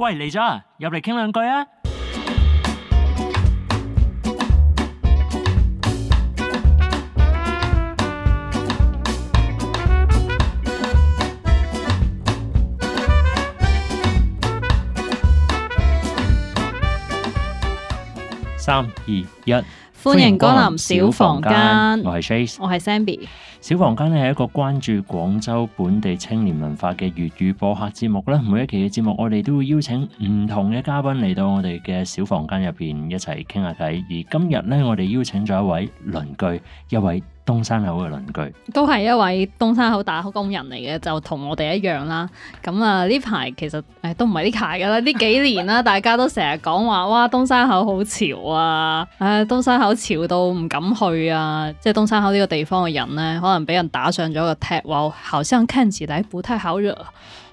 喂，嚟咗，入嚟傾兩句吖。三、二、一。歡迎光臨小房間，我係 Trace，我係 Zenbi。小房間咧係一個關注廣州本地青年文化嘅粵語播客節目啦。每一期嘅節目，我哋都會邀請唔同嘅嘉賓嚟到我哋嘅小房間入邊一齊傾下偈。而今日咧，我哋邀請咗一位鄰居，一位。東山口嘅鄰居、嗯、都係一位東山口打工人嚟嘅，就同我哋一樣啦。咁啊，呢排其實誒、哎、都唔係呢排㗎啦，呢幾年啦、啊， 大家都成日講話哇，東山口好潮啊！唉、哎，東山口潮到唔敢去啊！即係東山口呢個地方嘅人咧，可能俾人打上咗個踢喎、哦，好像看起來不太好惹。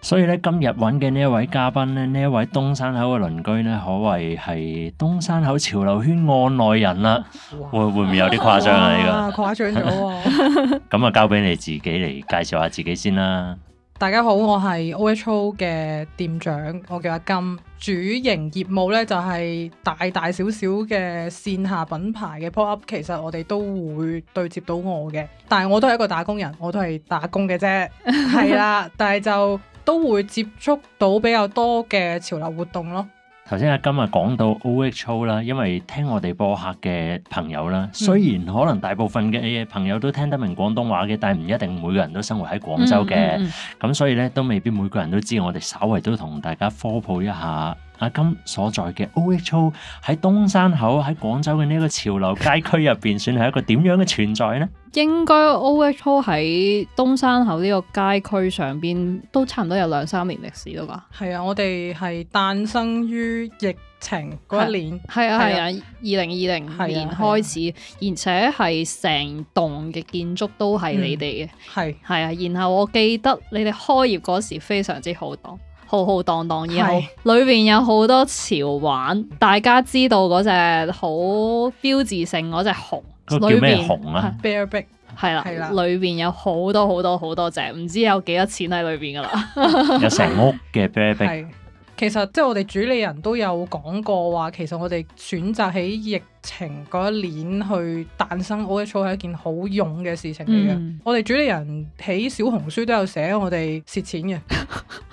所以咧，今日揾嘅呢一位嘉賓咧，呢一位東山口嘅鄰居咧，可謂係東山口潮流圈案內人啦、啊。哇會會唔會有啲誇張啊？呢個誇張咗、哦。咁啊，交俾你自己嚟介紹下自己先啦。大家好，我係 OHO 嘅店長，我叫阿金。主營業務咧就係、是、大大小小嘅線下品牌嘅 pop up，其實我哋都會對接到我嘅。但係我都係一個打工人，我都係打工嘅啫，係啦。 但係就都會接觸到比較多嘅潮流活動咯。頭先阿金啊講到 OHO 啦，因為聽我哋播客嘅朋友啦，雖然可能大部分嘅朋友都聽得明廣東話嘅，但係唔一定每個人都生活喺廣州嘅，咁、嗯嗯嗯、所以咧都未必每個人都知。我哋稍微都同大家科普一下。阿金所在嘅 OHO 喺東山口喺廣州嘅呢個潮流街區入邊， 算係一個點樣嘅存在呢？應該 OHO 喺東山口呢個街區上邊都差唔多有兩三年歷史啦吧？係啊，我哋係誕生於疫情嗰一年，係啊係啊，二零二零年開始，啊啊、而且係成棟嘅建築都係你哋嘅，係係、嗯、啊。然後我記得你哋開業嗰時非常之好多。浩浩蕩蕩，蕩，然後裏邊有好多潮玩。大家知道嗰隻好標誌性嗰隻熊，裏邊熊啊 Bearbrick，係啦，係啦，裏邊有好多好多好多隻，唔知有幾多錢喺裏邊㗎喇， 有成屋嘅 Bearbrick 。其實即係我哋主理人都有講過話，其實我哋選擇喺疫情嗰一年去誕生 OHO 係一件好勇嘅事情嚟嘅。嗯、我哋主理人喺小紅書都有寫我哋蝕錢嘅，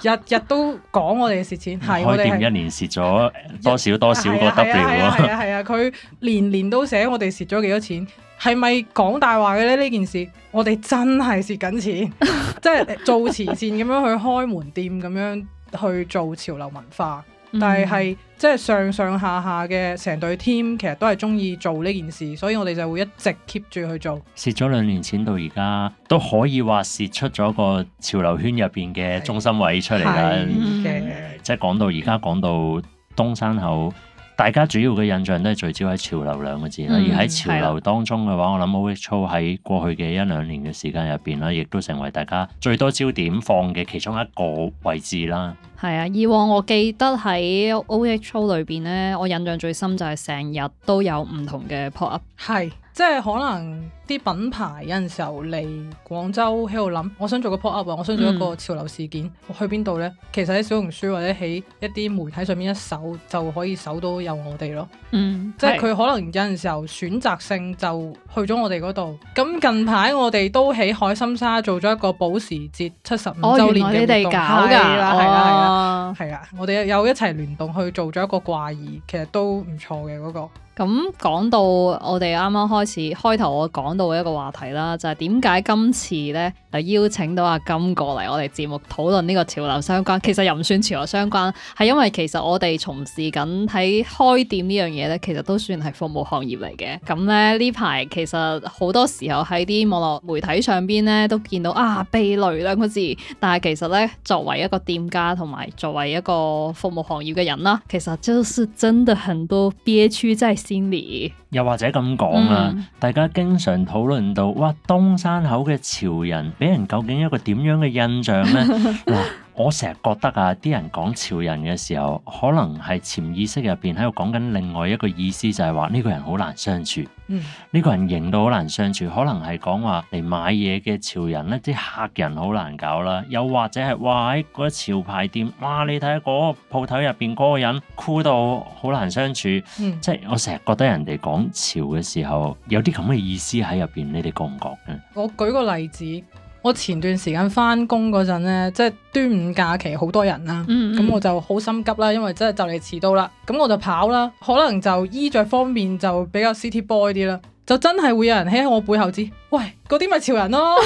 日日 都講我哋蝕錢，係我哋開店一年蝕咗多少多少個 W、 嗯、啊！係啊，係啊，佢年、啊啊、年都寫我哋蝕咗幾多錢，係咪講大話嘅咧？呢件事我哋真係蝕緊錢，即係 做慈善咁樣去開門店咁樣。去做潮流文化，但係係即係上上下下嘅成隊 team，其實都係中意做呢件事，所以我哋就會一直 keep 住去做。蝕咗兩年錢到而家，都可以話蝕出咗個潮流圈入邊嘅中心位出嚟嘅，即係講到而家講到東山口。大家主要嘅印象都係聚焦喺潮流兩個字啦，嗯、而喺潮流當中嘅話，我諗 OHO 喺過去嘅一兩年嘅時間入邊啦，亦都成為大家最多焦點放嘅其中一個位置啦。係啊，以往我記得喺 OHO 裏邊咧，我印象最深就係成日都有唔同嘅 pop up，係即係可能。啲品牌有陣時候嚟廣州喺度諗，我想做個 pop up 啊，我想做一個潮流事件，我、嗯、去邊度咧？其實喺小紅書或者喺一啲媒體上面一搜，就可以搜到有我哋咯。嗯，即係是佢是可能有陣時候選擇性就去咗我哋嗰度。咁近排我哋都喺海心沙做咗一個保時捷七十五周年嘅活動，哦、你哋搞噶，係啊的，係啊、哦，係啊，我哋有一齊聯動去做咗一個掛耳，其實都唔錯嘅嗰個。咁講到我哋啱啱開始開頭我講。講到一個話題啦，就係點解今次咧就邀請到阿金過嚟我哋節目討論呢個潮流相關，其實又唔算潮流相關，係因為其實我哋從事緊喺開店呢樣嘢咧，其實都算係服務行業嚟嘅。咁咧呢排其實好多時候喺啲網絡媒體上邊咧都見到啊避雷兩個字，但係其實咧作為一個店家同埋作為一個服務行業嘅人啦，其實就是真的很多憋屈在心裏，又或者咁講啊，嗯，大家經常。討論到哇，東山口嘅潮人俾人究竟一個點樣嘅印象咧？嗱。 我成日覺得啊，啲人講潮人嘅時候，可能係潛意識入邊喺度講緊另外一個意思，就係話呢個人好難相處。嗯，呢個人型到好難相處，可能係講話嚟買嘢嘅潮人咧，啲客人好難搞啦。又或者係哇喺嗰啲潮牌店，哇你睇下嗰個鋪頭入邊嗰個人酷到好難相處。嗯，即係我成日覺得人哋講潮嘅時候，有啲咁嘅意思喺入邊，你哋覺唔覺嘅？我舉個例子。我前段時間翻工嗰陣咧，即係端午假期好多人啦、啊，咁、嗯嗯、我就好心急啦，因為真係就嚟遲到啦，咁我就跑啦，可能就衣着方面就比較 city boy 啲啦，就真係會有人喺我背後知：「喂，嗰啲咪潮人咯」，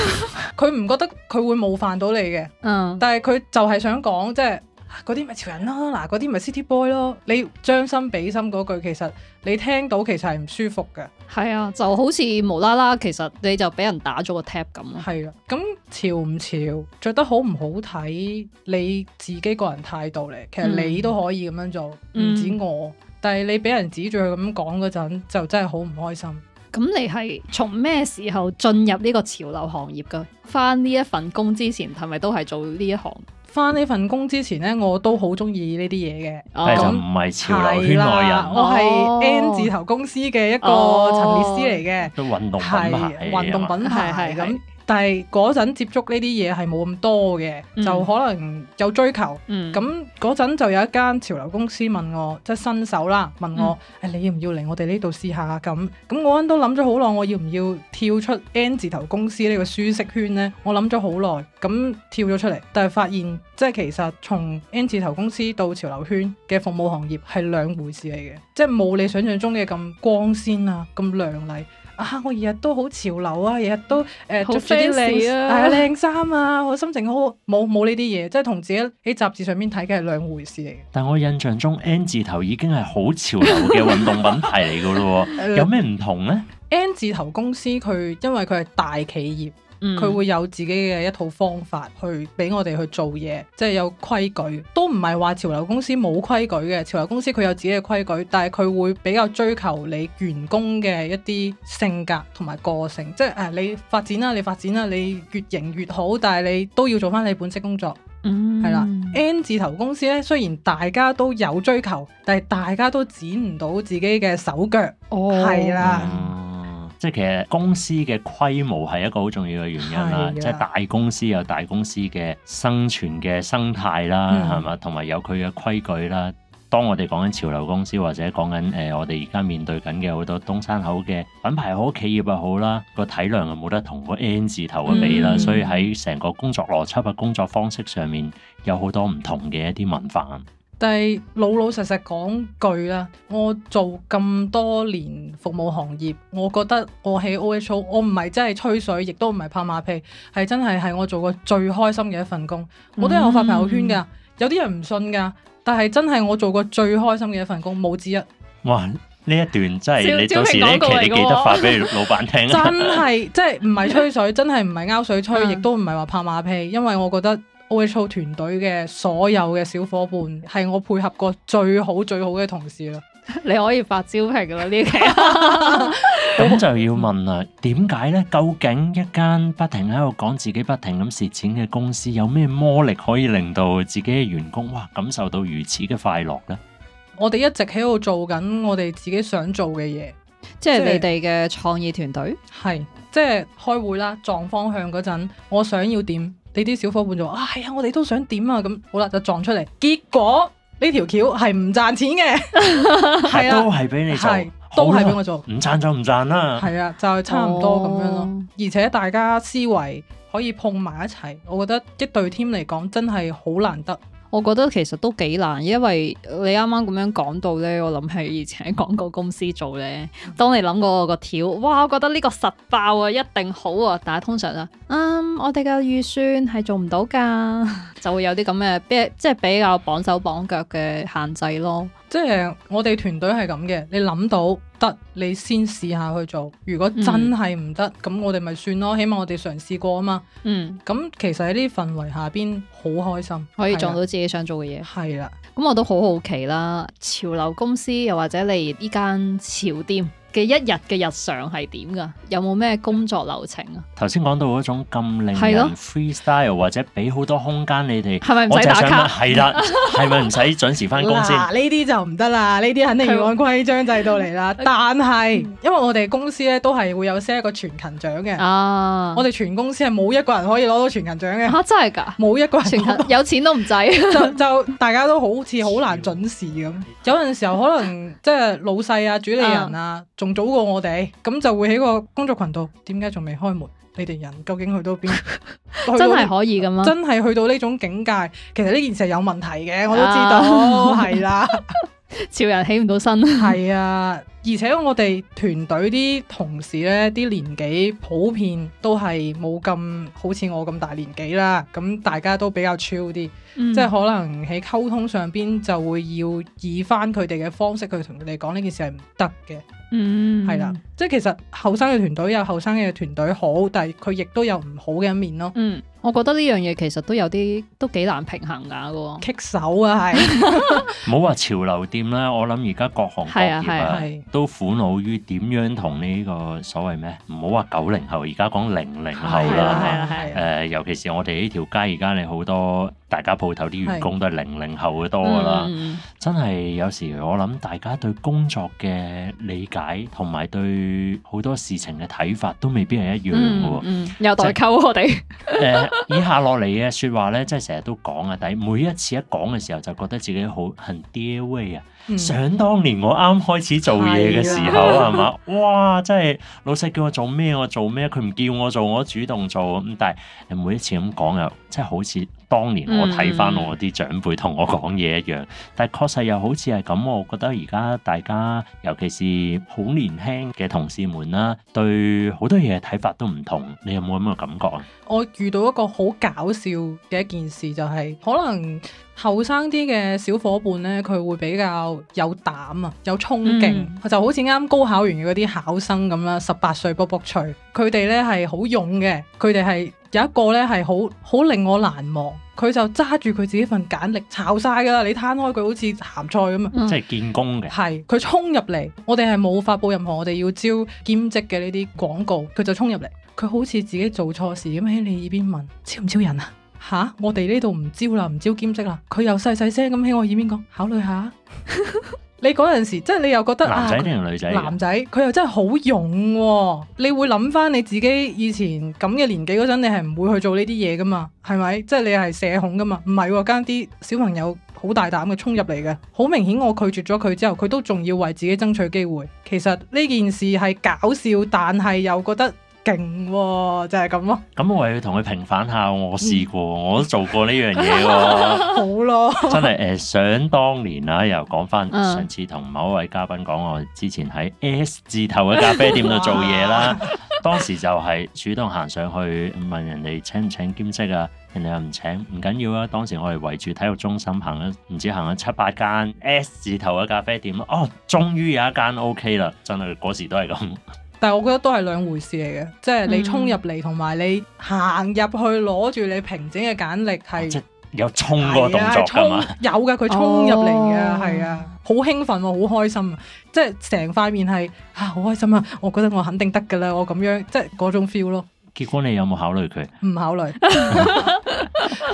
佢唔 覺得佢會冒犯到你嘅，嗯、但係佢就係想講即係。嗰啲咪潮人咯，嗱，嗰啲咪 City Boy 咯，你將心比心嗰句其實你聽到其實係唔舒服嘅，係啊，就好似無啦啦，其實你就俾人打咗個 tap 咁咯。係啊，咁潮唔潮，着得好唔好睇你自己個人態度嚟，其實你都可以咁樣做，嗯，唔止我，但係你俾人指住佢咁講嗰陣，就真係好唔開心。咁你係從咩時候進入呢個潮流行業噶？返呢一份工之前係咪都係做呢一行？返呢份工之前咧，我都好中意呢啲嘢嘅。咁唔係潮流圈內人、哦啊、我係 N 字頭公司嘅一個陳列師嚟嘅，都運動係運動品牌係咁。運動品牌但係嗰陣接觸呢啲嘢係冇咁多嘅，嗯、就可能有追求。咁嗰陣就有一間潮流公司問我，即係新手啦，問我誒、嗯哎、你要唔要嚟我哋呢度試下咁。咁我都諗咗好耐，我要唔要跳出 N 字頭公司呢個舒適圈呢？我諗咗好耐，咁跳咗出嚟，但係發現即係其實從 N 字頭公司到潮流圈嘅服務行業係兩回事嚟嘅，即係冇你想象中嘅咁光鮮啊，咁亮麗。啊！我日日都好潮流啊，日日都誒、呃、着住 f、哎、啊，靚衫啊！我心情好冇冇呢啲嘢，即係同自己喺雜誌上面睇嘅係兩回事嚟嘅。但我印象中 N 字頭已經係好潮流嘅 運動品牌嚟噶咯，有咩唔同咧？N 字頭公司佢因為佢係大企業。佢會有自己嘅一套方法去俾我哋去做嘢，即係有規矩，都唔係話潮流公司冇規矩嘅。潮流公司佢有自己嘅規矩，但係佢會比較追求你員工嘅一啲性格同埋個性，即係誒你發展啦，你發展啦、啊啊，你越型越好，但係你都要做翻你本職工作，係、嗯、啦。N 字頭公司呢，雖然大家都有追求，但係大家都剪唔到自己嘅手腳，係、oh，啦。嗯。即係其實公司嘅規模係一個好重要嘅原因啦，的即係大公司有大公司嘅生存嘅生態啦，係嘛、嗯，同埋有佢嘅規矩啦。當我哋講緊潮流公司或者講緊誒、呃，我哋而家面對緊嘅好多東山口嘅品牌好企業又好啦，個體量又冇得同個 N 字頭嘅比啦，嗯、所以喺成個工作邏輯啊、工作方式上面有好多唔同嘅一啲文化。但係老老實實講句啦，我做咁多年服務行業，我覺得我喺 OHO，我唔係真係吹水，亦都唔係拍馬屁，係真係係我做過最開心嘅一份工。嗯、我都有我發朋友圈㗎，有啲人唔信㗎，但係真係我做過最開心嘅一份工，冇之一。哇！呢一段真係小你到時你記得發俾老闆聽 真。真係即係唔係吹水， 真係唔係鈎水吹， 亦都唔係話拍馬屁，因為我覺得。我會操團隊嘅所有嘅小伙伴，係我配合過最好最好嘅同事啦。 你可以發招聘㗎啦呢期。咁 就要問啦，點解呢？究竟一間不停喺度講自己不停咁蝕錢嘅公司，有咩魔力可以令到自己嘅員工哇感受到如此嘅快樂呢？我哋一直喺度做緊我哋自己想做嘅嘢，即係你哋嘅創意團隊係，即係、就是就是、開會啦，撞方向嗰陣，我想要點？呢啲小伙伴就話：啊，係啊，我哋都想點啊！咁好啦，就撞出嚟。結果呢條橋係唔賺錢嘅，係 啊， 都係俾你做，係都係俾我做，唔賺就唔賺啦。係啊，就係差唔多咁樣咯。哦、而且大家思維可以碰埋一齊，我覺得一隊 team 嚟講真係好難得。我覺得其實都幾難，因為你啱啱咁樣講到呢。我諗起以前喺廣告公司做呢，當你諗過、嗰個嗰條，哇，我覺得呢個實爆啊，一定好啊，但係通常啊，嗯，我哋嘅預算係做唔到噶，就會有啲咁嘅，即係比較綁手綁腳嘅限制咯。即係我哋團隊係咁嘅，你諗到得，你先試下去做。如果真係唔得，咁、嗯、我哋咪算咯。起碼我哋嘗試，試過啊嘛。嗯，咁其實喺呢啲氛圍下邊好開心，可以撞到自己想做嘅嘢。係啦的，咁的我都好好奇啦，潮流公司又或者你呢間潮店，嘅一日嘅日常係點㗎？有冇咩工作流程啊？頭先講到嗰種咁令人 freestyle 的或者俾好多空間你哋，係咪唔使打卡？係啦，係咪唔使準時翻工先？嗱，呢啲就唔得啦，呢啲肯定要按規章制度嚟啦。 但係是、嗯、因為我哋公司咧都係會有設一個全勤獎嘅，啊，我哋全公司係冇一個人可以攞到全勤獎嘅。嚇、啊，真係㗎？冇一個人全勤，有錢都唔使。 就大家都好似好難準時咁。 有陣時候可能即係 老細啊、主理人啊，啊早過我哋，咁就會喺個工作群度，點解仲未開門？你哋人究竟去到邊？真係可以㗎嘛？真係去到呢種境界？其實呢件事係有問題嘅，我都知道。係啦 了。 潮人起唔到身，係啊！而且我哋團隊啲同事呢啲年紀普遍都係冇咁好似我咁大年紀啦。咁大家都比較 chill 啲，嗯、即係可能喺溝通上邊就會要以翻佢哋嘅方式去同佢哋講呢件事係唔得嘅。嗯，係啦，即係其實後生嘅團隊有後生嘅團隊好，但係佢亦都有唔好嘅一面咯。嗯。我覺得呢樣嘢其實都有啲都幾難平衡㗎喎，棘手啊係。唔好話潮流店啦，我諗而家各行各業、啊啊啊啊啊、都苦惱於點樣同呢個所謂咩？唔好話九零後，而家講零零後啦，誒、啊啊啊呃，尤其是我哋呢條街而家你好多，大家鋪頭啲員工都係零零後嘅多啦，嗯、真係有時我諗，大家對工作嘅理解同埋對好多事情嘅睇法都未必係一樣嘅喎、嗯嗯。有代溝我哋即 呃。以下落嚟嘅説話咧，真係成日都講啊，但係每一次一講嘅時候，就覺得自己好很，很 d a r 啊。想當年我啱開始做嘢嘅時候，係嘛的？哇！真係老細叫我做咩我做咩，佢唔叫我做我主動做。咁但係每一次咁講又即係好似～當年我睇翻我啲長輩同我講嘢一樣，但係確實又好似係咁。我覺得而家大家，尤其是好年輕嘅同事們啦，對好多嘢嘅睇法都唔同。你有冇咁嘅感覺啊？我遇到一個好搞笑嘅一件事，就係可能。後生啲嘅小伙伴呢，佢會比較有膽啊，有衝勁，嗯、就好似啱高考完嗰啲考生咁啦，十八歲卜卜脆，佢哋呢係好勇嘅，佢哋係有一個呢係好好令我難忘，佢就揸住佢自己份簡歷炒晒㗎啦，你攤開佢好似鹹菜咁啊！即係見功嘅。係，佢衝入嚟，我哋係冇發布任何我哋要招兼職嘅呢啲廣告，佢就衝入嚟，佢好似自己做錯事咁喺你耳邊問：招唔招人啊？吓！我哋呢度唔招啦，唔招兼職啦。佢又細細聲咁喺我耳邊講，考慮下啊。 你嗰陣時，即係你又覺得男仔定女仔啊？男仔，佢又真係好勇哦。你會諗翻你自己以前咁嘅年紀嗰陣，你係唔會去做呢啲嘢噶嘛係咪？即係你係社恐噶嘛唔係哦，而家啲小朋友好大膽嘅，衝入嚟嘅。好明顯，我拒絕咗佢之後，佢都仲要為自己爭取機會。其實呢件事係搞笑，但係又覺得。勁喎、哦，就係咁咯。咁、嗯、我又要同佢平反下，我試過，我都做過呢樣嘢喎。 好咯了，真係誒、呃，想當年啊，又講翻上次同某一位嘉賓講，我之前喺 S 字頭嘅咖啡店度做嘢啦。 當時就係主動行上去問人哋請唔請兼職啊，人哋又唔請，唔緊要啊。當時我哋圍住體育中心行咗，唔知行咗七八間 S 字頭嘅咖啡店哦，終於有一間 OK 啦，真係嗰時都係咁。但係，我覺得都係兩回事嚟嘅，即係你衝入嚟同埋你行入去攞住你平整嘅簡歷係、啊，有衝嗰動作噶嘛？有㗎、哦，佢衝入嚟嘅，係啊，好興奮、啊、好開心啊！即係成塊面係啊，好開心啊！我覺得我肯定得㗎啦，我咁樣即係嗰種 feel 咯。結果你有冇考慮佢？唔考慮。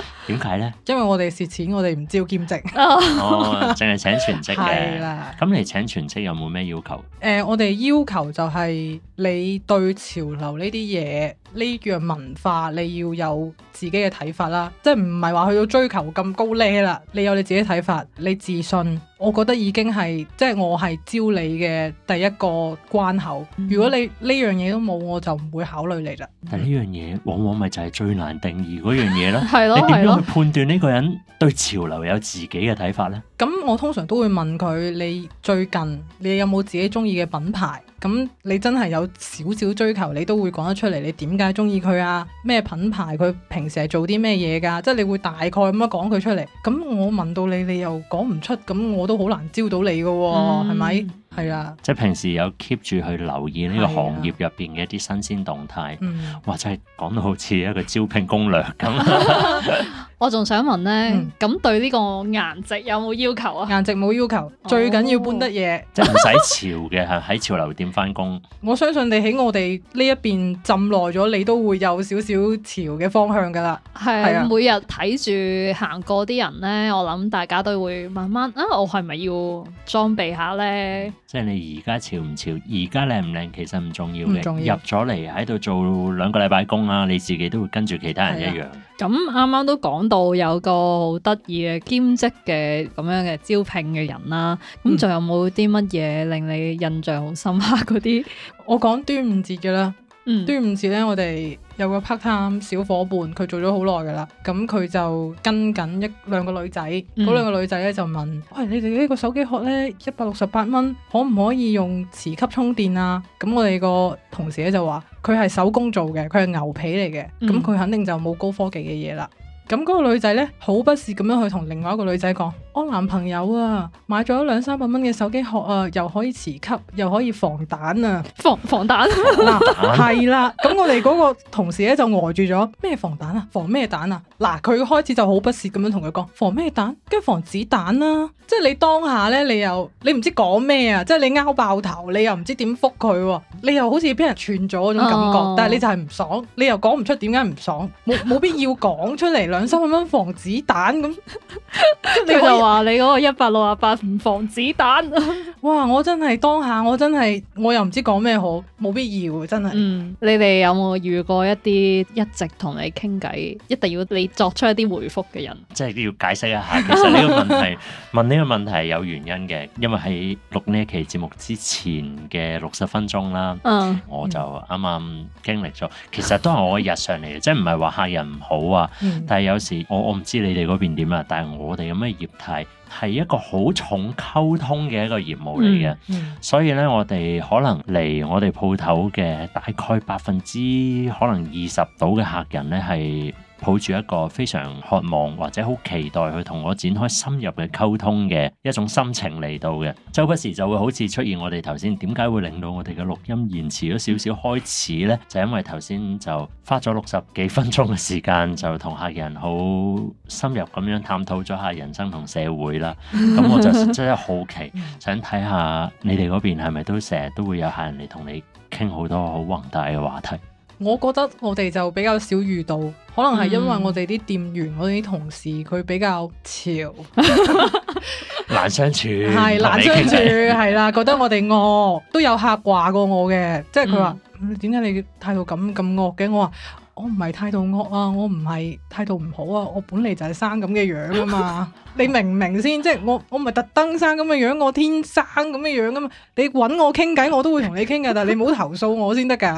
點解咧？為呢因為我哋蝕錢，我哋唔招兼職， 哦，淨係請全職嘅。係啦的，咁你請全職有冇咩要求？誒、呃，我哋要求就係你對潮流呢啲嘢呢樣文化，你要有自己嘅睇法啦。即係唔係話去到追求咁高呢啦？你有你自己睇法，你自信。我覺得已經係即係我係招你嘅第一個關口。嗯、如果你呢樣嘢都冇，我就唔會考慮你啦。嗯、但呢樣嘢往往咪就係最難定義嗰樣嘢咯。係咯 的，係咯。你點樣去判斷呢個人對潮流有自己嘅睇法呢？咁 我通常都會問佢：你最近你有冇自己中意嘅品牌？咁你真係有少少追求，你都會講得出嚟。你點解中意佢啊？咩品牌？佢平時係做啲咩嘢噶？即係你會大概咁樣講佢出嚟。咁我問到你，你又講唔出，咁我都好難招到你噶喎，係咪？嗯，係啊。即係平時有 keep 住去留意呢個行業入邊嘅一啲新鮮動態，或者係講到好似一個招聘攻略咁。 我仲想問呢，咁、嗯、對呢個顏值有冇要求啊？顏值冇要求，最緊要搬得嘢，就唔使潮嘅，喺潮流店返工。我相信你喺我哋呢一邊浸耐咗，你都會有少少潮嘅方向㗎喇。係是，啊、每日睇住行過啲人呢，我諗大家都會慢慢啊，我係咪要裝備下呢？嗯、即係你而家潮唔潮，而家靚唔靚，其實唔重要嘅。要入咗嚟喺度做兩個禮拜工啊，你自己都會跟住其他人一樣。咁啱啱都講.度有個好得意嘅兼職嘅咁樣嘅招聘嘅人啦。咁仲、嗯、有冇啲乜嘢令你印象好深刻嗰啲？我講端午節嘅啦。端午節呢，我哋有個 part time 小伙伴，佢做咗好耐噶啦。咁佢就跟緊一兩個女仔，嗰兩個女仔呢，就問，喂、嗯哎，你哋呢個手機殼呢，一百六十八蚊，可唔可以用磁吸充電啊？咁我哋個同事咧就話：佢係手工做嘅，佢係牛皮嚟嘅，咁佢、嗯、肯定就冇高科技嘅嘢啦。咁嗰個女仔呢，好不屑咁樣去同另外一個女仔講：我、哦、男朋友啊，買咗兩三百蚊嘅手機殼啊，又可以磁吸，又可以防彈啊！防防彈？係啦、啊。咁 我哋嗰個同事呢，就呆、呃、住咗。咩防彈啊？防咩彈啊？嗱、啊，佢開始就好不屑咁樣同佢講：防咩彈？跟防子彈啦、啊。即係你當下呢，你又你唔知講咩啊？即係你拗爆頭，你又唔知點覆佢，你又好似俾人串咗嗰種感覺。哦、但係你就係唔爽，你又講唔出點解唔爽，冇冇必要講出嚟兩三百蚊防子彈咁，你就話你嗰個一百六十八唔防子彈。 哇！我真係當下我，我真係我又唔知講咩好，冇必要真係。嗯，你哋有冇遇過一啲一直同你傾偈，一定要你作出一啲回覆嘅人？即係要解釋一下，其實呢個問題 問呢個問題係有原因嘅，因為喺錄呢一期節目之前嘅六十分鐘啦，嗯、我就啱啱經歷咗，其實都係我嘅日常嚟嘅， 即係唔係話客人唔好啊，但係、嗯。有時我我唔知你哋嗰邊點啦，但係我哋咁嘅業態，係一個好重溝通嘅一個業務嚟嘅，嗯嗯、所以呢，我哋可能嚟我哋鋪頭嘅大概百分之可能二十到嘅客人呢，係抱住一個非常渴望或者好期待去同我展開深入嘅溝通嘅一種心情嚟到嘅。周不時就會好似出現我哋頭先點解會令到我哋嘅錄音延遲咗少少開始呢？就因為頭先就花咗六十幾分鐘嘅時間就同客人好深入咁樣探討咗下人生同社會，啦，咁 我就真係好奇，想睇下你哋嗰邊係咪都成日都會有客人嚟同你傾好多好宏大嘅話題？我覺得我哋就比較少遇到，可能係因為我哋啲店員我哋啲同事佢、嗯、比較潮， 難相處，係 難相處，係啦，覺得我哋惡，都有客話過我嘅，即係佢話點解你態度咁咁惡嘅？我話。 我唔係態度惡啊！我唔係態度唔好啊！我本嚟就係生咁嘅樣啊嘛！ 你明唔明先？即係我我唔係特登生咁嘅樣，我天生咁嘅樣噶嘛！你揾我傾偈，我都會同你傾噶，但係你唔好投訴我先得㗎。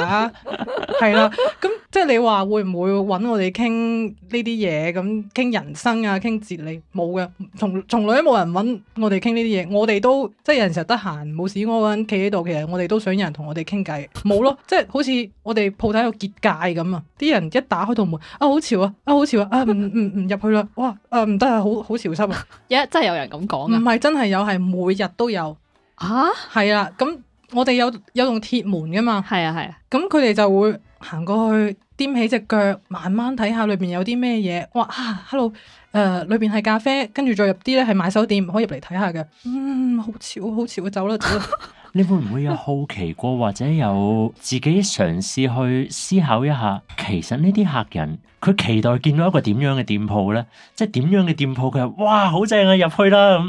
係啦， 咁即係你話會唔會揾我哋傾呢啲嘢？咁傾人生啊，傾哲理冇嘅，從從來都冇人揾我哋傾呢啲嘢。我哋都即係有陣時得閒冇事，我揾企喺度，其實我哋都想有人同我哋傾偈，冇咯。即係好似我哋鋪頭有結界咁啊！啲人一打開道門，啊好潮啊，好潮啊，啊好潮啊，啊唔唔唔入去啦，哇，啊唔得啊，好好潮濕啊，一，真係有人咁講，唔係真係有，係每日都有，啊係啊，咁、啊、我哋有有棟鐵門噶嘛，係啊係啊，咁佢哋就會行過去掂起隻腳，慢慢睇下裏邊有啲咩嘢，哇啊，hello，誒、呃、裏邊係咖啡，跟住再入啲咧係買手店，可以入嚟睇下嘅，嗯好潮、啊、好潮、啊，我走啦、啊。走啊走啊 你會唔會有好奇過，或者有自己嘗試去思考一下？其實呢啲客人，佢期待見到一個點樣嘅店鋪呢？即係點樣嘅店鋪？佢話：哇，好正啊！入去啦。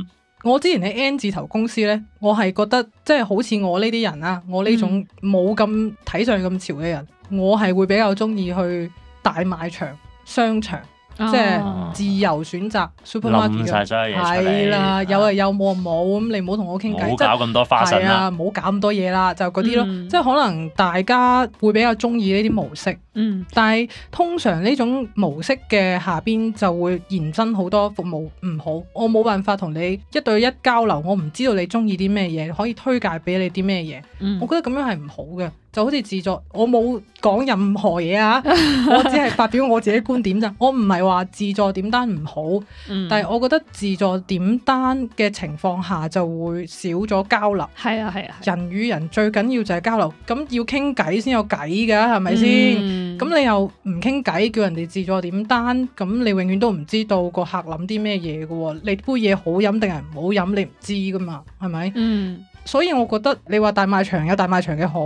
我之前喺 N 字頭公司呢，我係覺得即係、就是、好似我呢啲人啦，我呢種冇咁睇上去咁潮嘅人，我係、嗯、會比較中意去大賣場、商場。即係自由選擇 supermarket 嘅，係啦，啊有啊有，冇啊冇，咁你唔好同我傾偈，搞咁多花神唔、啊、好、就係啊、搞咁多嘢啦，就嗰啲咯。嗯、即係可能大家會比較中意呢啲模式，嗯、但係通常呢種模式嘅下邊就會延伸好多服務唔好，我冇辦法同你一對一交流，我唔知道你中意啲咩嘢，可以推介俾你啲咩嘢，嗯、我覺得咁樣係唔好嘅。就好似自助，我冇講任何嘢啊。 我只係發表我自己觀點咋。我唔係話自助點單唔好，嗯、但係我覺得自助點單嘅情況下就會少咗交流。係啊係啊，啊啊人與人最緊要就係交流，咁要傾偈先有偈噶，係咪先？咁、嗯、你又唔傾偈，叫人哋自助點單，咁你永遠都唔知道個客諗啲咩嘢嘅。你杯嘢好飲定係唔好飲，你唔知噶嘛，係咪？嗯所以我覺得你話大賣場有大賣場嘅好，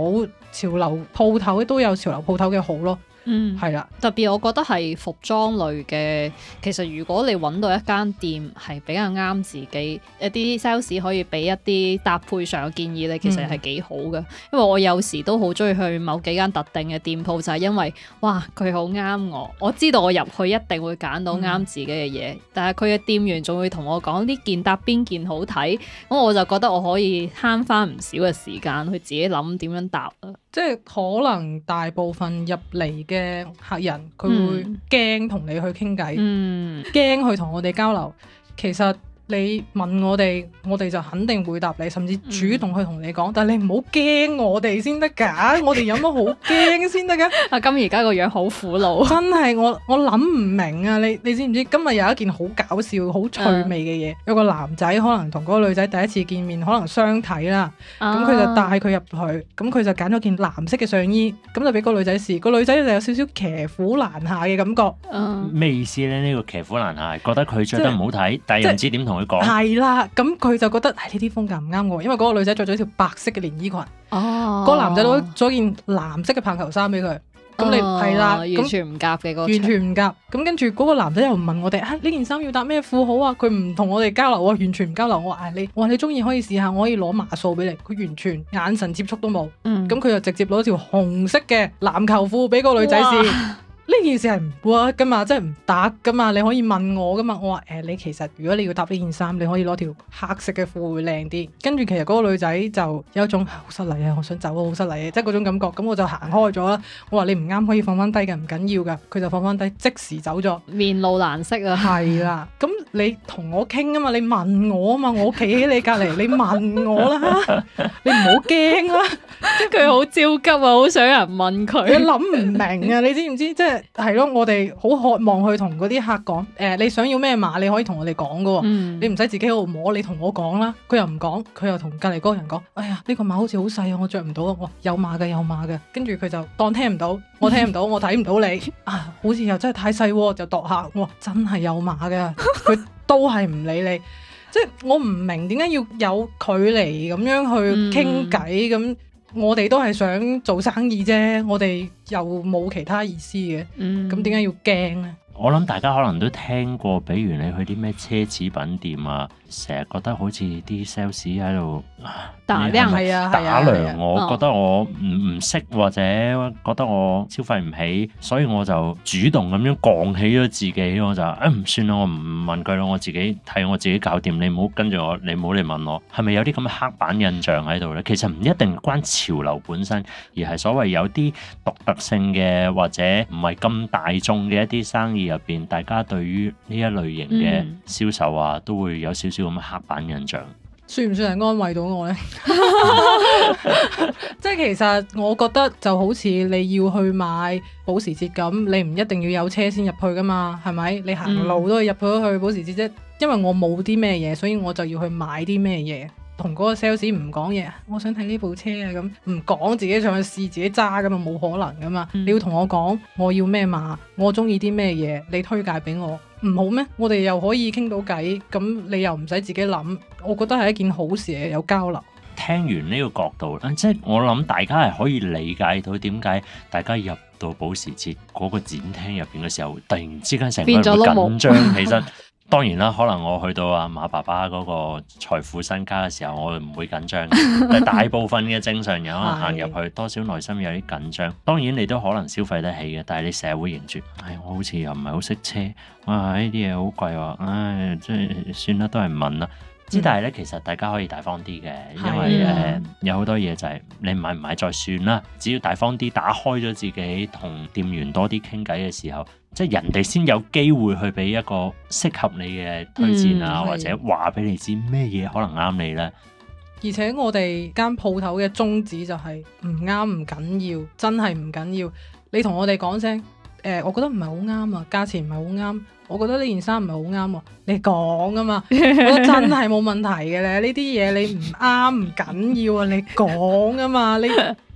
潮流鋪頭都有潮流鋪頭嘅好咯。嗯，係啦的，特別我覺得係服裝類嘅，其實如果你揾到一間店係比較啱自己，一啲 sales 可以俾一啲搭配上嘅建議咧，其實係幾好嘅。嗯、因為我有時都好中意去某幾間特定嘅店鋪，就係、是、因為哇佢好啱我，我知道我入去一定會揀到啱自己嘅嘢，嗯、但係佢嘅店員仲會同我講呢件搭邊件好睇，咁我就覺得我可以慳翻唔少嘅時間去自己諗點樣搭啦。即係可能大部分入嚟。嘅客人，佢會驚同你去傾偈，嗯，驚去同我哋交流。其實。你問我哋，我哋就肯定回答你，甚至主動去同你講。但係你唔 好驚、 啊、 我哋先得㗎，我哋有乜好驚先得㗎？阿金而家個樣好苦惱。真係我我諗唔明啊！你你知唔知今日有一件好搞笑、好趣味嘅嘢？Uh. 有個男仔可能同嗰個女仔第一次見面，可能相睇啦。咁佢就帶佢入去，咁佢就揀咗件藍色嘅上衣，咁就俾嗰個女仔試。個女仔就有少少騎虎難下嘅感覺。咩、uh. 意思咧？呢、呢個騎虎難下，覺得佢着得唔好睇，但係又唔知點同。係啦，咁佢就覺得誒呢啲風格唔啱嘅，因為嗰個女仔着咗一條白色嘅連衣裙，哦，個男仔攞咗件藍色嘅棒球衫俾佢，咁你係啦，完全唔夾嘅，個完全唔夾。咁跟住嗰個男仔又唔問我哋，呢件衫要搭咩褲好啊？佢唔同我哋交流啊，完全唔交流。我話、哎、你，我話你中意可以試下，我可以攞碼數俾你。佢完全眼神接觸都冇，咁佢、嗯、就直接攞條紅色嘅籃球褲俾個女仔試。呢件事係唔好啊，噶嘛，即係唔答噶嘛。你可以問我噶嘛，我話誒、呃，你其實如果你要搭呢件衫，你可以攞條黑色嘅褲會靚啲。跟住其實嗰個女仔就有一種、 啊、好失禮啊，我想走啊，好失禮啊，即係嗰種感覺。咁、嗯、 我就行開咗啦。我話你唔啱，可以放翻低嘅，唔緊要噶。佢就放翻低，即時走咗，面露難色啊。係啦，咁你同我傾啊嘛，你問我啊嘛，我企喺你隔籬， 你問我啦， 你唔好驚啦，佢好焦急啊，好想人問佢，諗唔 明啊，你知唔知？即係。係咯，我哋好渴望去同嗰啲客講，誒、呃，你想要咩碼，你可以同我哋講噶，嗯、你唔使自己喺度摸，你同我講啦。佢又唔講，佢又同隔籬嗰個人講，哎呀，呢、這個碼好似好細啊，我着唔到啊。我有碼嘅，有碼嘅，跟住佢就當聽唔到，我聽唔到，我睇唔到你 啊，好似又真係太細，就度下。哇，真係有碼嘅，佢 都係唔理你，即、就、係、是、我唔明點解要有距離咁樣去傾偈咁。嗯我哋都係想做生意啫，我哋又冇其他意思嘅，嗯，咁點解要驚咧？我諗大家可能都聽過，比如你去啲咩奢侈品店啊。成日覺得好似啲 sales 喺度打量係啊，打量、哦、我覺得我唔唔識或者覺得我消費唔起，所以我就主動咁樣降起咗自己，我就誒唔、哎、算啦，我唔問佢咯，我自己睇我自己搞掂，你唔好跟住我，你唔好嚟問我。係咪有啲咁嘅刻板印象喺度咧？其實唔一定關潮流本身，而係所謂有啲獨特性嘅或者唔係咁大眾嘅一啲生意入邊，大家對於呢一類型嘅銷售啊，都會有少少。咁刻板印象，算唔算係安慰到我呢？即 係其實我覺得就好似你要去買保時捷咁，你唔一定要有車先入去噶嘛，係咪？你行路去都要入去去保時捷啫。因為我冇啲咩嘢，所以我就要去買啲咩嘢。同嗰個 sales 唔講嘢，我想睇呢部車啊，咁唔講自己上去試自己揸咁啊，冇可能噶嘛！你要同我講，我要咩碼，我中意啲咩嘢，你推介俾我，唔好咩？我哋又可以傾到偈，咁你又唔使自己諗，我覺得係一件好事，有交流，聽完呢個角度，即係我諗大家係可以理解到點解大家入到保時捷嗰個展廳入邊嘅時候，突然之間成個人會緊張起身。其實 當然啦，可能我去到阿、啊、馬爸爸嗰個財富身家嘅時候，我就唔會緊張。大部分嘅正常人 可能行入去，多少內心有啲緊張。當然你都可能消費得起嘅，但係你成日會認住，唉、哎，我好似又唔係好識車，哇、哎，呢啲嘢好貴喎，唉、哎，即係算啦，都係唔問啦。之，但係咧，其實大家可以大方啲嘅，因為誒的、呃、有好多嘢就係你買唔買再算啦。只要大方啲，打開咗自己同店員多啲傾偈嘅時候，即係人哋先有機會去俾一個適合你嘅推薦啊，嗯、或者話俾你知咩嘢可能啱你呢。而且我哋間鋪頭嘅宗旨就係唔啱唔緊要，真係唔緊要。你同我哋講聲。誒、呃，我覺得唔係好啱啊，價錢唔係好啱。我覺得呢件衫唔係好啱喎，你講啊嘛，我真係冇問題嘅咧。呢啲嘢你唔啱唔緊要啊，你講啊嘛， 你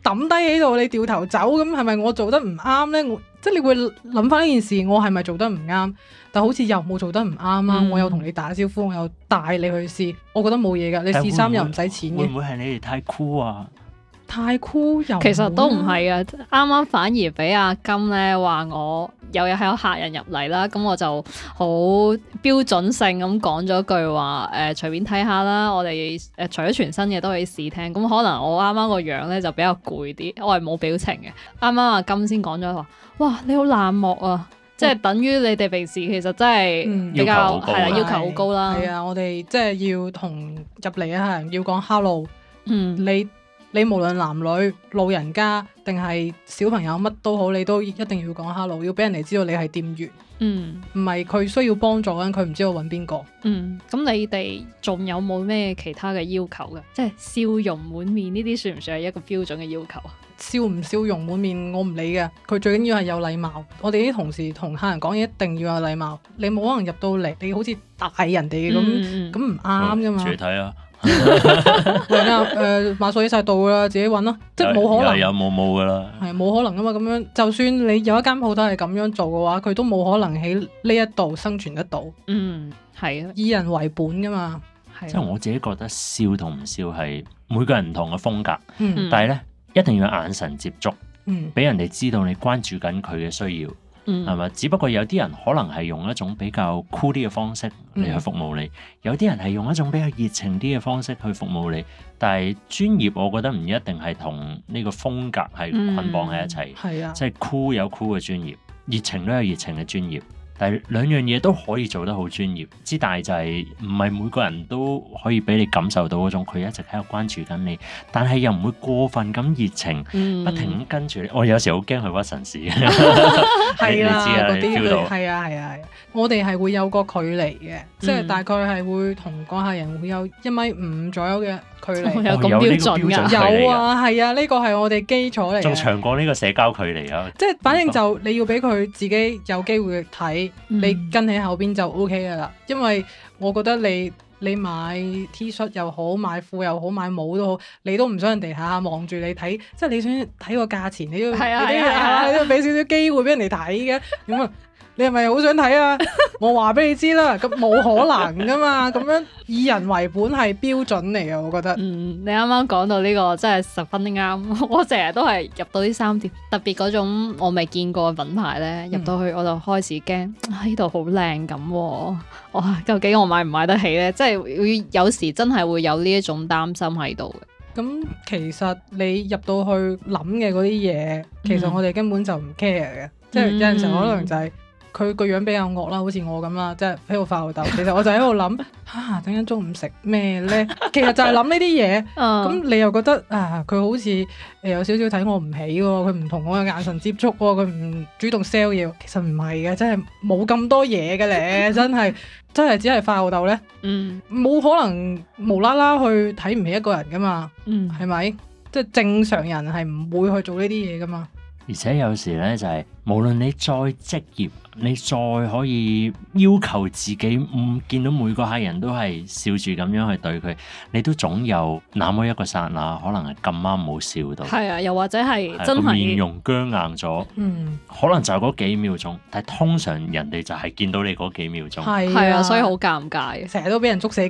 抌低喺度，你掉頭走咁係咪我做得唔啱呢？即係你會諗翻呢件事，我係咪做得唔啱？但好似又冇做得唔啱啊！嗯、我又同你打招呼，我又帶你去試，我覺得冇嘢噶。你試衫又唔使錢嘅，會唔會係你哋太酷啊？太酷又，其實都唔係啊！啱啱反而俾阿金咧，話我有日係有客人入嚟啦，咁我就好標準性咁講咗句話，誒、呃、隨便睇下啦，我哋誒除咗全新嘅都可以試聽，咁可能我啱啱個樣咧就比較攰啲，我係冇表情嘅。啱啱阿金先講咗話，哇你好冷漠啊！嗯、即係等於你哋平時其實真係比較係啦、嗯，要求好高啦，係啊，我哋即係要同入嚟嘅客人要講 hello，嗯你。你無論男女、老人家定係小朋友乜都好，你都一定要講 hello，要俾人哋知道你係店員。嗯，唔係佢需要幫助，佢唔知我揾邊個。嗯，咁你哋仲有冇咩其他嘅要求嘅？即係笑容滿面呢啲算唔算係一個標準嘅要求啊？笑唔笑容滿面我唔理嘅，佢最緊要係有禮貌。我哋啲同事同客人講嘢一定要有禮貌，你冇可能入到嚟你好似大人哋咁，咁唔啱噶嘛。睇啊！係啦，誒，買數啲晒到啦，自己搵咯，即係冇可能，有冇冇噶啦，係冇可能噶嘛。咁樣就算你有一間鋪頭都係咁樣做嘅話，佢都冇可能喺呢一度生存得到。嗯，係啊，以人為本噶嘛。即係我自己覺得笑同唔笑係每個人唔同嘅風格，嗯，但係咧一定要眼神接觸，嗯，俾人哋知道你關注緊佢嘅需要。係嘛？嗯、只不過有啲人可能係用一種比較酷啲嘅方式嚟去服務你，嗯、有啲人係用一種比較熱情啲嘅方式去服務你。但係專業，我覺得唔一定係同呢個風格係捆綁喺一齊。係啊，即係酷有酷、cool、嘅專業，熱情都有熱情嘅專業。但係兩樣嘢都可以做得好專業，之但係就係唔係每個人都可以俾你感受到嗰種佢一直喺度關注緊你，但係又唔會過分咁熱情，嗯、不停咁跟住。你。我、哦、有時好驚佢屈臣氏係 你啊，你啊，你係啊係啊係啊，啊，我哋係會有個距離嘅，嗯、即係大概係會同嗰客人會有一米五左右嘅距離，有咁標準啊，哦、有，準有啊，係啊，呢個係我哋基礎嚟嘅，仲長過呢個社交距離啊，即係反正就你要俾佢自己有機會睇。嗯、你跟喺後邊就 O K 噶啦，因為我覺得你你買 T 恤又好，買褲又好，買帽都好，你都唔想人哋下下望住你睇，即係你想睇個價錢，你要俾少少機會俾人哋睇嘅，咁啊。 你係咪好想睇啊？ 我話俾你知啦，咁冇可能噶嘛！咁樣以人為本係標準嚟嘅，我覺得。嗯，你啱啱講到呢、呢個真係十分啱。我成日都係入到啲商店，特別嗰種我未見過嘅品牌呢。入到去我就開始驚。呢度好靚咁，哇、啊啊啊！究竟我買唔買得起呢？即係會有時真係會有呢一種擔心喺度嘅。咁其實你入到去諗嘅嗰啲嘢，其實我哋根本就唔 care 嘅。嗯、即係有陣時可能就係。佢個樣比較惡啦，好似我咁啦，即係喺度發吽哣。其實我就喺度諗， 啊，等陣中午食咩咧？其實就係諗呢啲嘢。咁、 嗯、你又覺得啊，佢好似誒有少少睇我唔起喎？佢唔同我嘅眼神接觸，佢唔主動 sell 嘢。其實唔係嘅，真係冇咁多嘢嘅咧，真係真係只係發吽哣咧。嗯，冇可能無啦啦去睇唔起一個人㗎嘛。嗯，係咪？即係正常人係唔會去做呢啲嘢㗎嘛。而且有時咧就係、是，無論你再職業，你再可以要求自己，唔、嗯、見到每個客人都係笑住咁樣去對佢，你都總有那麼一個剎那，可能係咁啱冇笑到。係啊，又或者係真係面容僵硬咗，嗯，可能就係嗰幾秒鐘。但係通常人哋就係見到你嗰幾秒鐘，係啊，啊，所以好尷尬，成日都俾人捉死雞，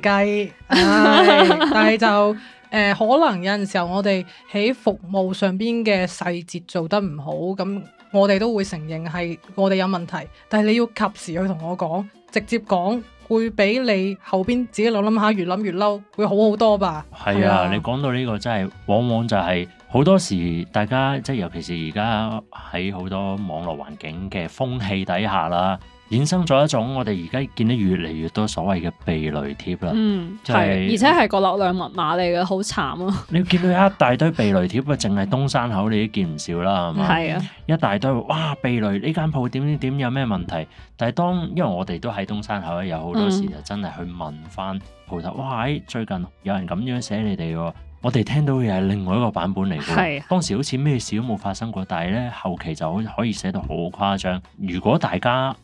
但係就。誒可能有陣時候，我哋喺服務上邊嘅細節做得唔好，咁我哋都會承認係我哋有問題。但係你要及時去同我講，直接講會比你後邊自己諗諗下，越諗越嬲，會好好多吧。係啊，吧你講到呢個真係往往就係、是、好多時，大家即係尤其是而家喺好多網絡環境嘅風氣底下啦。衍生咗一種我哋而家見到越嚟越多所謂嘅避雷貼啦，嗯，係、就是，而且係個流量密碼嚟嘅，好慘啊！ 你見到一大堆避雷貼，佢淨係東山口，你都見唔少啦，係嘛？係啊的，一大堆哇避雷呢間鋪點點點有咩問題？但係當因為我哋都喺東山口咧，有好多時就真係去問翻鋪頭，嗯、哇最近有人咁樣寫你哋喎，我哋聽到嘅係另外一個版本嚟嘅，的的當時好似咩事都冇發生過，但係咧後期就好可以寫到好誇張。如果大家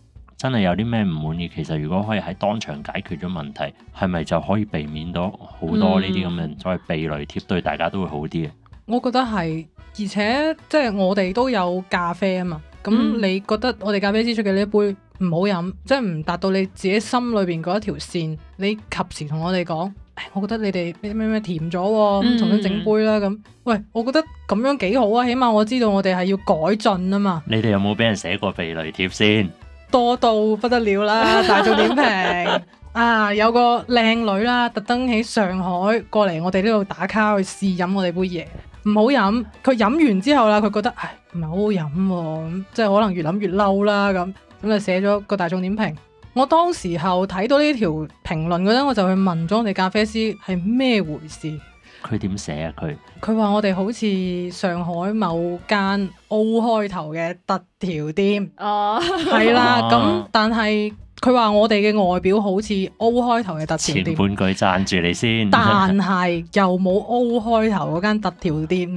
真係有啲咩唔滿意，其實如果可以喺當場解決咗問題，係咪就可以避免到好多呢啲咁嘅所謂避雷貼，嗯、對大家都會好啲啊？我覺得係，而且即係我哋都有咖啡啊嘛。咁你覺得我哋咖啡師出嘅呢一杯唔好飲，即係唔達到你自己心裏邊嗰一條線，你及時同我哋講，誒，我覺得你哋咩咩咩甜咗，咁、嗯、重新整杯啦。咁、嗯，喂，我覺得咁樣幾好啊，起碼我知道我哋係要改進啊嘛。你哋有冇俾人寫過避雷貼先？多到不得了啦！大眾點評 啊，有個靚女啦，特登喺上海過嚟我哋呢度打卡去試飲我哋杯嘢，唔好飲。佢飲完之後啦，佢覺得唉，唔係好好飲喎，咁即係可能越諗越嬲啦咁，咁就寫咗個大眾點評。我當時候睇到呢條評論嗰陣，我就去問咗我哋咖啡師係咩回事。佢點寫啊？佢佢話我哋好似上海某間 O 開頭嘅特調店，哦，係啦。咁但係佢話我哋嘅外表好似 O 開頭嘅特調店。前半句讚住你先， 但係又冇 O 開頭嗰間特調店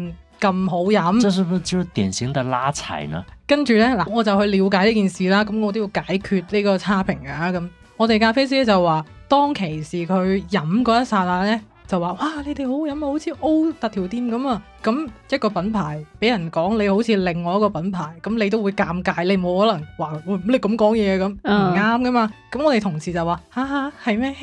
咁好飲。 這是不是就係典型的拉踩呢？跟住呢，嗱，我就去了解呢件事啦。咁我都要解決呢個差評啊。咁我哋咖啡師就話：當其時佢飲嗰一剎那呢。就話哇，你哋好飲啊，好似 O 達條店咁啊，咁一個品牌俾人講你好似另外一個品牌，咁你都會尷尬，你冇可能話你咁講嘢咁唔啱㗎嘛？咁我哋同事就話嚇係咩？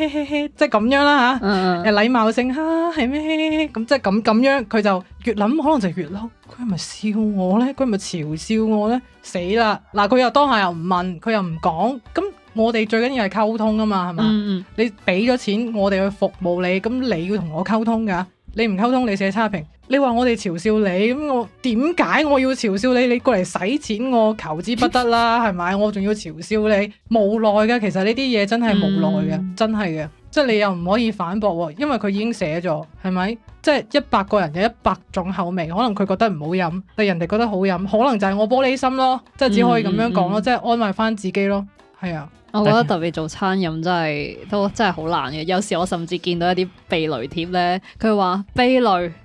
即係咁樣啦嚇，誒禮貌性嚇係咩？咁即係咁咁樣，佢就越諗可能就越嬲，佢咪笑我咧？佢咪嘲笑我咧？死啦！嗱，佢又當下又唔問，佢又唔講，咁。我哋最緊要係溝通啊嘛，係嘛？Mm hmm. 你俾咗錢，我哋去服務你，咁你要同我溝通噶。你唔溝通，你寫差評。你話我哋嘲笑你，咁我點解我要嘲笑你？你過嚟使錢，我求之不得啦，係咪？ 我仲要嘲笑你，無奈噶。其實呢啲嘢真係無奈嘅，mm hmm. 真係嘅。即係你又唔可以反駁，因為佢已經寫咗，係咪？即係一百個人有一百種口味，可能佢覺得唔好飲，但人哋覺得好飲，可能就係我玻璃心咯。即係只可以咁樣講咯，mm hmm. 即係安慰翻自己咯。係啊。我覺得特別做餐飲真係都真係好難嘅，有時我甚至見到一啲避雷貼咧，佢話避雷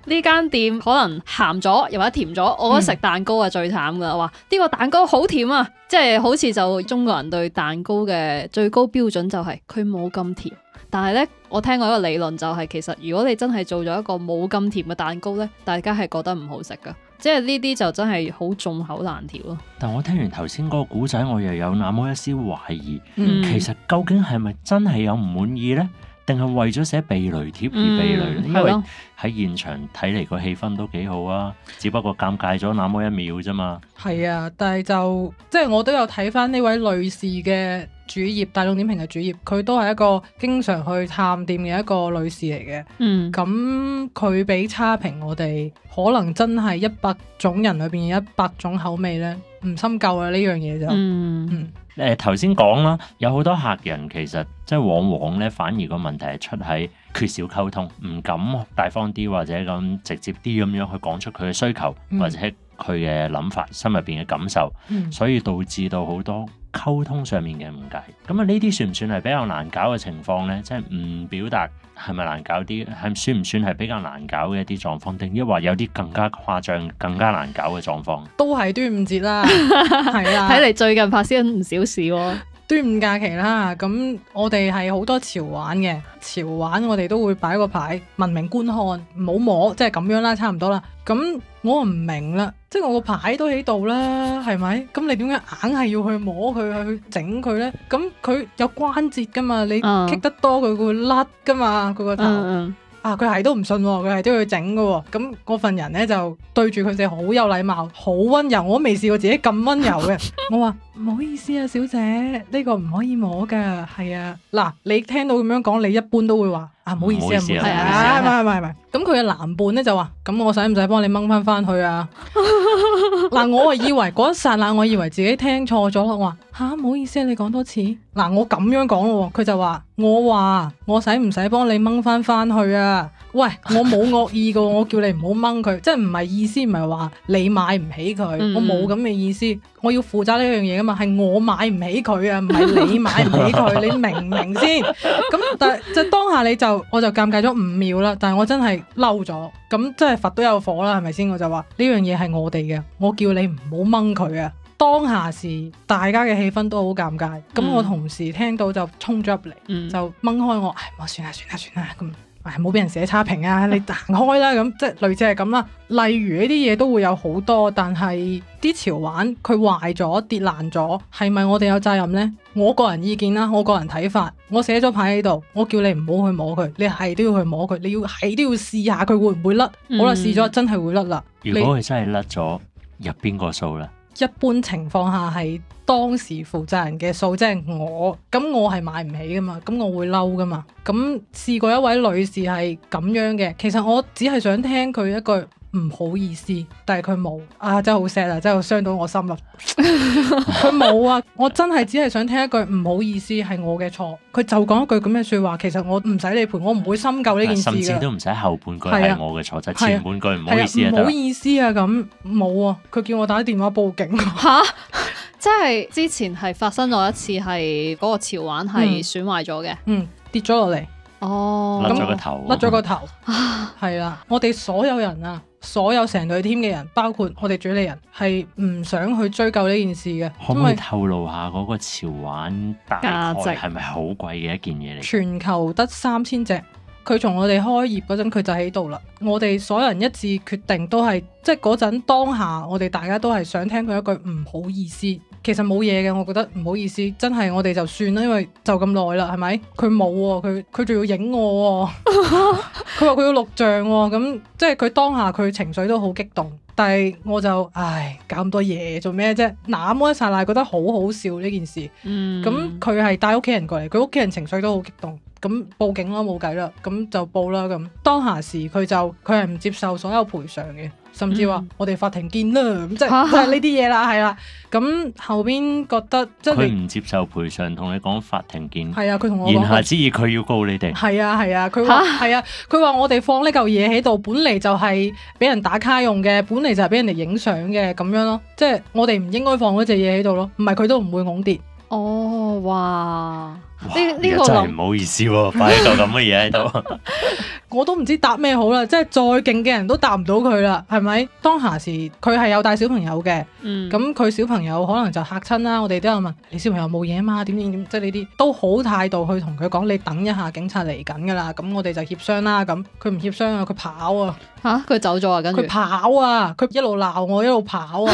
呢間店可能鹹咗又或者甜咗，我覺得食蛋糕係最慘噶，話呢、嗯這個蛋糕好甜啊，即係好似就中國人對蛋糕嘅最高標準就係佢冇咁甜，但係咧我聽過一個理論就係、是、其實如果你真係做咗一個冇咁甜嘅蛋糕咧，大家係覺得唔好食噶。即係呢啲就真係好眾口難調咯。但我聽完頭先嗰個古仔，我又有那麼一絲懷疑。嗯、其實究竟係咪真係有唔滿意呢？定係為咗寫避雷貼而避雷？嗯、因為喺的現場睇嚟個氣氛都幾好啊。只不過尷尬咗那麼一秒啫嘛。係啊，但係就即係我都有睇翻呢位女士嘅。主業大眾點評嘅主頁，佢都係一個經常去探店嘅一個女士嚟嘅。嗯，咁佢俾差評我哋，可能真係一百種人裏邊有一百種口味呢，唔深究啊呢樣嘢就。嗯嗯。誒，頭先講啦，有好多客人其實即係往往呢，反而個問題係出喺缺少溝通，唔敢大方啲或者咁直接啲咁樣去講出佢嘅需求、嗯、或者。佢嘅諗法，心入邊嘅感受，嗯、所以導致到好多溝通上面嘅誤解。咁啊，呢啲算唔算係比較難搞嘅情況呢？即係唔表達係咪難搞啲？係算唔算係比較難搞嘅一啲狀況？定抑或話有啲更加誇張、更加難搞嘅狀況？都係端午節啦，係啦、 啊，睇嚟 最近發生唔少事喎、啊。端午假期啦，咁我哋係好多潮玩嘅，潮玩我哋都會擺個牌，文明觀看，唔好摸，即係咁樣啦，差唔多啦。咁我唔明啦，即係我個牌都喺度啦，係咪？咁你點解硬係要去摸佢去整佢咧？咁佢有關節噶嘛，你棘得多佢會甩噶嘛，佢個頭。佢係都唔信，佢係都要整嘅。咁嗰份人呢，就對住佢哋好有禮貌，好溫柔。我都未試過自己咁溫柔嘅。 我話唔好意思啊，小姐，呢、這個唔可以摸嘅。係啊，嗱、啊，你聽到咁樣講，你一般都會話。唔、啊、好意思啊，唔係、啊，唔係、啊，唔係、啊，唔係。咁佢嘅男伴咧就話：咁我使唔使幫你掹翻翻去啊？嗱， 我啊以為嗰一剎那，我以為自己聽錯咗咯。我話：吓，唔、啊、好意思啊，你講多次。嗱，我咁樣講咯。佢、哦、就話：我話我使唔使幫你掹翻翻去啊？喂，我冇惡意噶，我叫你唔好掹佢， 即係唔係意思，唔係話你買唔起佢，我冇咁嘅意思。我要負責呢樣嘢噶嘛，係我買唔起佢啊，唔係你買唔起佢， 你明唔明先？咁但係即當下你就。我就尷尬咗五秒啦，但係我真係嬲咗，咁真係佛都有火啦，係咪先？我就話呢樣嘢係我哋嘅，我叫你唔好掹佢啊！當下時大家嘅氣氛都好尷尬，咁我同事聽到就衝咗入嚟，嗯、就掹開我，唉，我算啦，算啦，算啦咁。唉，冇俾人寫差評啊！你彈開啦，咁 即係類似係咁啦。例如呢啲嘢都會有好多，但係啲潮玩佢壞咗、跌爛咗，係咪我哋有責任呢？我個人意見啦，我個人睇法，我寫咗牌喺度，我叫你唔好去摸佢，你係都要去摸佢，你要係都要試下佢會唔會甩。好啦，試咗，真係會甩啦。如果佢真係甩咗，你入邊個數咧？一般情況下係當時負責人嘅數，即係我，咁我係買唔起㗎嘛，咁我會嬲㗎嘛，咁試過一位女士係咁樣嘅，其實我只係想聽佢一句。唔好意思，但係佢冇啊，真係好 sad 啊，真係傷到我心啦。佢冇啊， 我真係只係想聽一句唔好意思係我嘅錯，佢就講一句咁嘅說話。其實我唔使你賠，我唔會深究呢件事嘅。甚至都唔使後半句係我嘅錯，就前半句唔好意思唔好意思啊，咁冇啊，佢、啊啊啊、叫我打電話報警。吓哈， 即係之前係發生咗一次，係嗰個潮玩係損壞咗嘅。嗯，跌咗落嚟。哦，甩咗個頭，甩咗、嗯、個頭。係啦、嗯 啊，我哋所有人啊。所有成隊 team 嘅人，包括我哋主理人，係唔想去追究呢件事嘅。可唔可以透露下嗰個潮玩大隻係咪好貴嘅一件嘢嚟？全球得三千隻，佢從我哋開業嗰陣佢就喺度啦。我哋所有人一致決定都係，即係嗰陣當下，我哋大家都係想聽佢一句唔好意思。其實冇嘢嘅，我覺得唔好意思，真係我哋就算啦，因為就咁耐啦，係咪？佢冇喎，佢佢仲要影我，佢話佢要錄像喎，咁即係佢當下佢情緒都好激動，但係我就唉搞咁多嘢做咩啫？嗱嗰一剎那覺得好好笑呢件事，咁佢係帶屋企人過嚟，佢屋企人情緒都好激動，咁報警咯冇計啦，咁就報啦咁。當下時佢就佢係唔接受所有賠償嘅。甚至話我哋法庭見啦，咁、嗯、即係呢啲嘢啦，係啦哈。咁後邊覺得即係佢唔接受賠償，同你講法庭見。係啊，佢同我言下之意，佢要告你哋。係啊，係啊，佢話係啊，佢話哈我哋放呢嚿嘢喺度，本嚟就係俾人打卡用嘅，本嚟就係俾人哋影相嘅咁樣咯。即係我哋唔應該放嗰隻嘢喺度咯。唔係佢都唔會㧬跌。哦，哇！呢呢哇、這個真係唔好意思擺到咁嘅嘢喺度，我都唔知答咩好啦，即係再勁嘅人都答唔到佢啦，係咪？當時佢係有帶小朋友嘅，咁佢、嗯、小朋友可能就嚇親啦。我哋都有問你小朋友冇嘢嘛？點點點，即係呢啲都好態度去同佢講，你等一下警察嚟緊噶啦，咁我哋就協商啦。咁佢唔協商啊，佢跑啊，吓佢走咗啊，跟住、啊、跑啊，佢一路鬧我一路跑啊，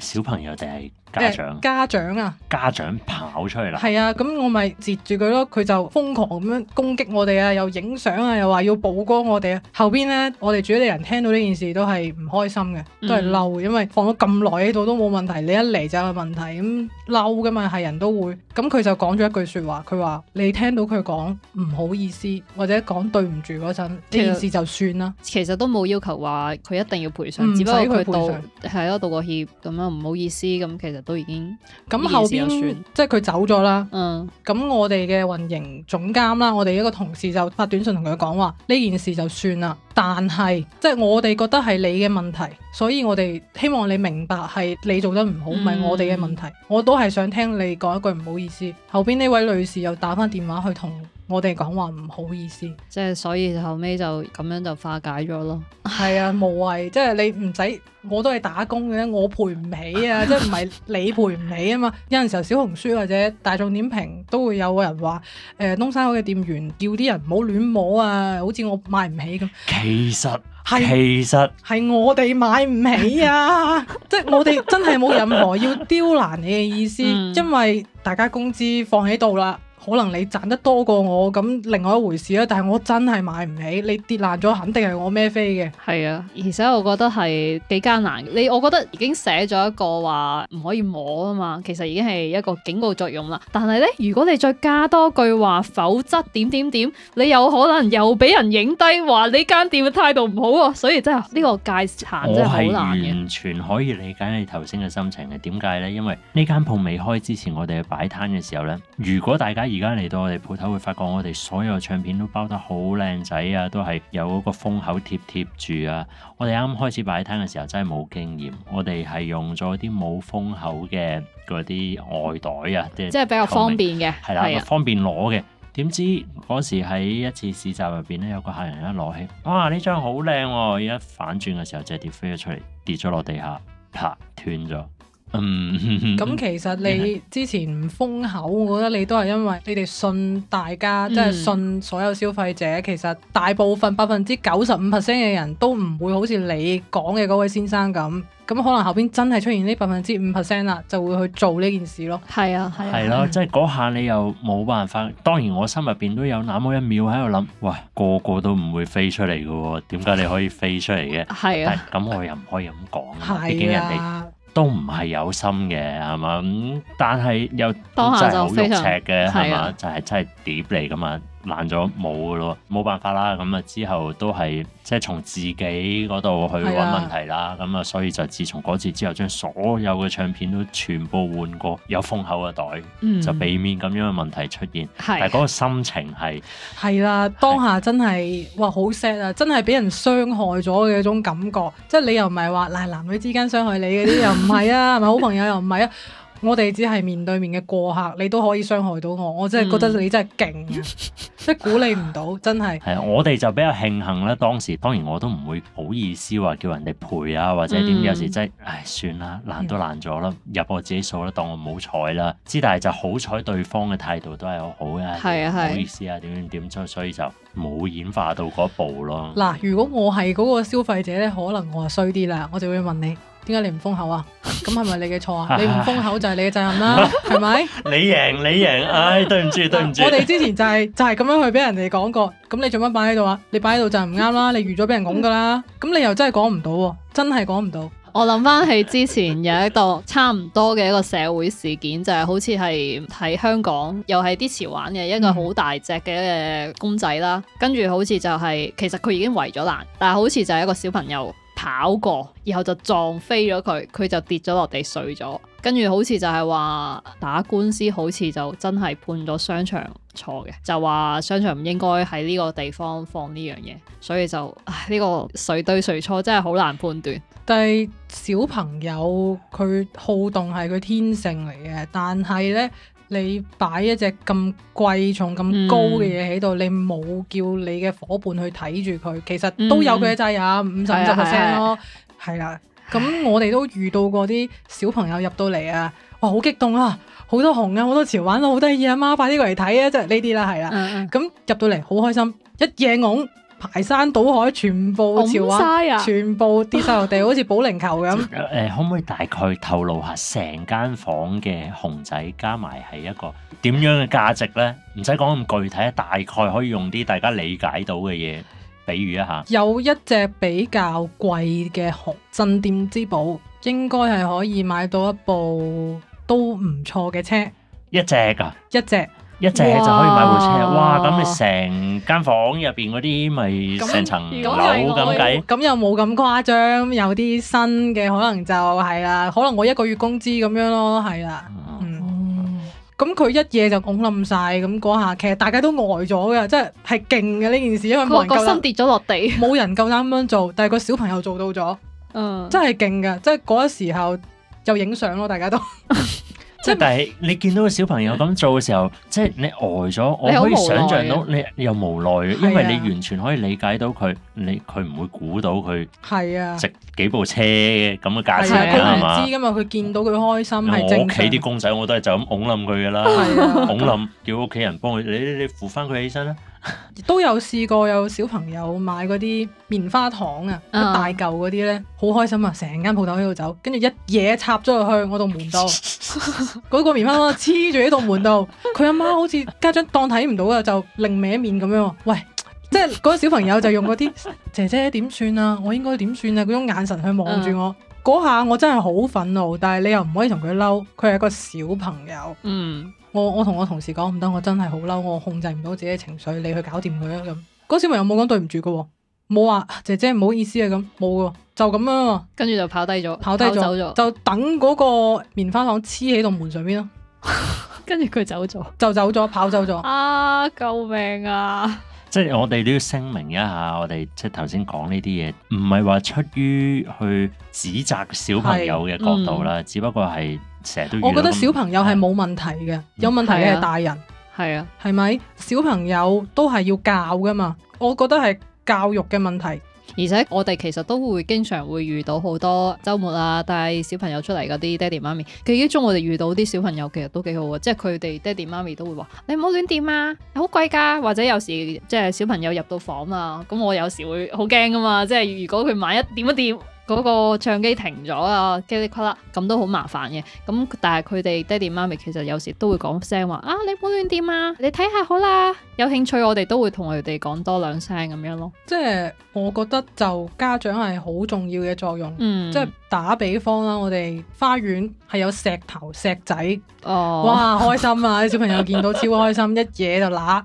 小朋友定係？ 家長家長啊！家長跑出嚟啦！係、哎、啊，咁我咪截住佢咯，佢就瘋狂咁樣攻擊我哋啊，又影相啊，又話要曝光我哋啊。後邊呢，我哋主理人聽到呢件事都係唔開心嘅，都係嬲，因為放咗咁耐喺度都冇問題，你一嚟就有問題，咁嬲噶嘛，係人都會。咁、嗯、佢就講咗一句説話，佢話：你聽到佢講唔好意思，或者講對唔住嗰陣，呢件事就算啦。其實都冇要求話佢一定要賠償，只不過佢、嗯哎、道係咯，道個歉咁樣唔好意思咁，其實。都已經咁後邊面即係佢走咗啦。嗯，咁我哋嘅運營總監啦，我哋一個同事就發短信同佢講話：呢件事就算啦。但係即係我哋覺得係你嘅問題，所以我哋希望你明白係你做得唔好，唔係我哋嘅問題。嗯、我都係想聽你講一句唔好意思。後邊呢位女士又打返電話去同。我哋講話唔好意思，即係所以後尾就咁樣就化解咗咯。係 啊，無謂，即係你唔使我都係打工嘅，我賠唔起啊！ 即係唔係你賠唔起啊嘛？有陣時候小紅書或者大眾點評都會有人話：誒、呃，東山口嘅店員叫啲人唔好亂摸啊！好似我買唔起咁。其實係，其實係我哋買唔起啊！ 即係我哋真係冇任何要刁難你嘅意思，嗯、因為大家工資放喺度啦。可能你賺得多過我咁，另外一回事啦。但係我真係買唔起，你跌爛咗，肯定係我孭飛嘅。係啊，而且我覺得係幾艱難。你我覺得已經寫咗一個話唔可以摸啊嘛，其實已經係一個警告作用啦。但係呢，如果你再加多句話，否則點點點，你有可能又俾人影低，話你間店嘅態度唔好喎、啊。所以真係呢個界限真係好難嘅。我係完全可以理解你頭先嘅心情嘅。點解呢？因為呢間鋪未開之前，我哋去擺攤嘅時候呢，如果大家而家嚟到我哋鋪頭，會發覺我哋所有唱片都包得好靚仔啊，都係有嗰個封口貼貼住啊。我哋啱開始擺攤嘅時候真係冇經驗，我哋係用咗啲冇封口嘅嗰啲外袋啊，即係比較方便嘅，係啦，的的方便攞嘅。點知嗰時喺一次市集入邊咧，有個客人一攞起，哇！呢張好靚喎，一反轉嘅時候，隻碟飛咗出嚟，跌咗落地下，啪斷咗。嗯，咁其實你之前唔封口，我覺得你都係因為你哋信大家，即係、嗯、信所有消費者。其實大部分百分之九十五 percent 嘅人都唔會好似你講嘅嗰位先生咁，咁可能後邊真係出現呢百分之五 percent 啦，就會去做呢件事咯。係啊，係咯、啊，即係嗰下你又冇辦法。當然我心入邊都有那麼一秒喺度諗，喂，個個都唔會飛出嚟嘅喎，點解你可以飛出嚟嘅？係啊，咁我又唔可以咁講，畢竟人哋。都唔係有心嘅係下嘛？但係又真係好肉赤嘅係嘛？就係真係碟嚟㗎嘛？爛咗冇咯，冇辦法啦。咁啊，之後都係即係從自己嗰度去揾問題啦。咁啊，所以就自從嗰次之後，將所有嘅唱片都全部換過有封口嘅袋，嗯、就避免咁樣嘅問題出現。啊、但係嗰個心情係係啦，當下真係哇好 sad 啊！真係俾人傷害咗嘅種感覺。即係你又唔係話，嗱，男女之間傷害你嗰啲又唔係啊，係咪 好朋友又唔係啊？我哋只係面對面嘅過客，你都可以傷害到我，我真係覺得你真係勁、啊，即係估你唔到， 真係的。係啊，我哋就比較慶幸啦。當時當然我都唔會不好意思話、啊、叫人哋賠啊，或者點。嗯、有時真係，唉，算啦，爛都爛咗啦，嗯、入我自己數啦，當我冇彩啦。之但係就好彩，對方嘅態度都係好好、啊、嘅，唔、啊、好意思啊，點點點，所以就冇演化到嗰步咯。嗱， 如果我係嗰個消費者咧，可能我衰啲啦，我就會問你。點解你唔封口啊？咁係咪你嘅錯啊？你唔封口就係你嘅責任啦，係咪？你贏你贏，唉，對唔住對唔住。我哋之前就係就係咁樣去俾人哋講過，咁你做乜擺喺度啊？ 你擺喺度就係唔啱啦，你預咗俾人咁噶啦。咁你又真係講唔到，真係講唔到。我諗翻起之前有一個差唔多嘅一個社會事件，就係、是、好似係喺香港，又係啲潮玩嘅 一個好大隻嘅公仔啦，跟住好似就係、是、其實佢已經圍咗欄，但係好似就係一個小朋友跑過，然後就撞飛咗佢，佢就跌咗落地碎咗，跟住好似就係話打官司，好似就真係判咗商場錯嘅，就話商場唔應該喺呢個地方放呢樣嘢，所以就，唉，呢個誰對誰錯真係好難判斷。但係小朋友佢好動係佢天性嚟嘅，但係呢。你擺一隻咁貴重、咁、嗯、高嘅嘢喺度，你冇叫你嘅伙伴去睇住佢，其實都有佢嘅責任啊，五十成至六成咯，係啦、嗯。咁、啊啊啊啊、我哋都遇到過啲小朋友入到嚟啊，哇！好激動啊，好多紅啊，好多潮玩都好得意啊，媽，快啲過嚟睇啊！即係呢啲啦，係啦、啊。咁、嗯嗯、入到嚟好開心，一夜㧬。排山倒海，全部潮安，啊、全部跌晒落地，好似保齡球咁。誒， 可唔可以大概透露下成間房嘅熊仔加埋係一個點樣嘅價值呢？唔使講咁具體，大概可以用啲大家理解到嘅嘢，比喻一下。有一隻比較貴嘅熊，鎮店之寶，應該係可以買到一部都唔錯嘅車。一隻啊！一隻。一隻就可以買部車啊！哇，咁你成間房入邊嗰啲咪成層樓咁計？咁又冇咁誇張，有啲新嘅可能就係啦，可能我一個月工資咁樣咯，係啦。嗯，咁佢一夜就拱冧晒，咁嗰下其實大家都呆咗㗎，即係係勁嘅呢件事，因為個身跌咗落地，冇人夠膽咁樣做，但係個小朋友做到咗，嗯，真係勁㗎，即係嗰時候就影相咯，大家都。即係，但係你見到個小朋友咁做嘅時候，即係你呆、呃、咗，我可以想象到你又無奈，無奈因為你完全可以理解到佢，你佢唔會估到佢係啊，值幾部車咁嘅價錢啦嘛。啊、吧知㗎嘛，佢見到佢開心係正常。屋企啲公仔我都係就咁哄冧佢㗎啦，哄冧叫屋企人幫佢，你你你扶翻佢起身啦。都有試過有小朋友買嗰啲棉花糖啊，一大嚿嗰啲咧，好、uh, 開心啊！成間鋪頭喺度走，跟住一嘢插咗落去我度門度，嗰 個棉花糖黐住喺度門度。佢阿媽好似家長當睇唔到啊，就擰歪面咁樣。喂，即係嗰個小朋友就用嗰啲 姐姐點算啊，我應該點算啊？嗰種眼神去望住我，嗰、uh, 下我真係好憤怒。但係你又唔可以同佢嬲，佢係一個小朋友。嗯。我我同我同事講唔得，我真係好嬲，我控制唔到自己情緒，你去搞掂佢啊咁。嗰小朋友冇講對唔住嘅，冇話姐姐唔好意思啊咁，冇嘅、啊，就咁樣，跟住就跑低咗，跑低咗，走就等嗰個棉花糖黐喺度門上邊咯。 跟住佢走咗， 就走咗，跑走咗。啊，救命啊！即係我哋都要聲明一下，我哋即係頭先講呢啲嘢，唔係話出於去指責小朋友嘅角度啦，嗯、只不過係。我覺得小朋友係冇問題嘅，嗯、有問題嘅係大人，係啊，係咪小朋友都係要教噶嘛？我覺得係教育嘅問題。而且我哋其實都會經常會遇到好多周末啊，帶小朋友出嚟嗰啲爹哋媽咪。其中我哋遇到啲小朋友其實都幾好，爸爸媽媽都啊，即係佢哋爹哋媽咪都會話：你唔好亂掂啊，好貴㗎。或者有時即係小朋友入到房啊，咁我有時會好驚㗎嘛。即係如果佢萬一掂一掂。嗰個唱機停咗啊！噼里啪啦，咁都好麻煩嘅。咁但係佢哋爹哋媽咪其實有時都會講聲話啊，你唔好亂掂啊！你睇下好啦，有興趣我哋都會同佢哋講多兩聲咁樣咯。即係我覺得就家長係好重要嘅作用。嗯，即係打比方啦，我哋花園係有石頭石仔，哦，哇，開心啊！啲 小朋友見到超開心， 一嘢就揦。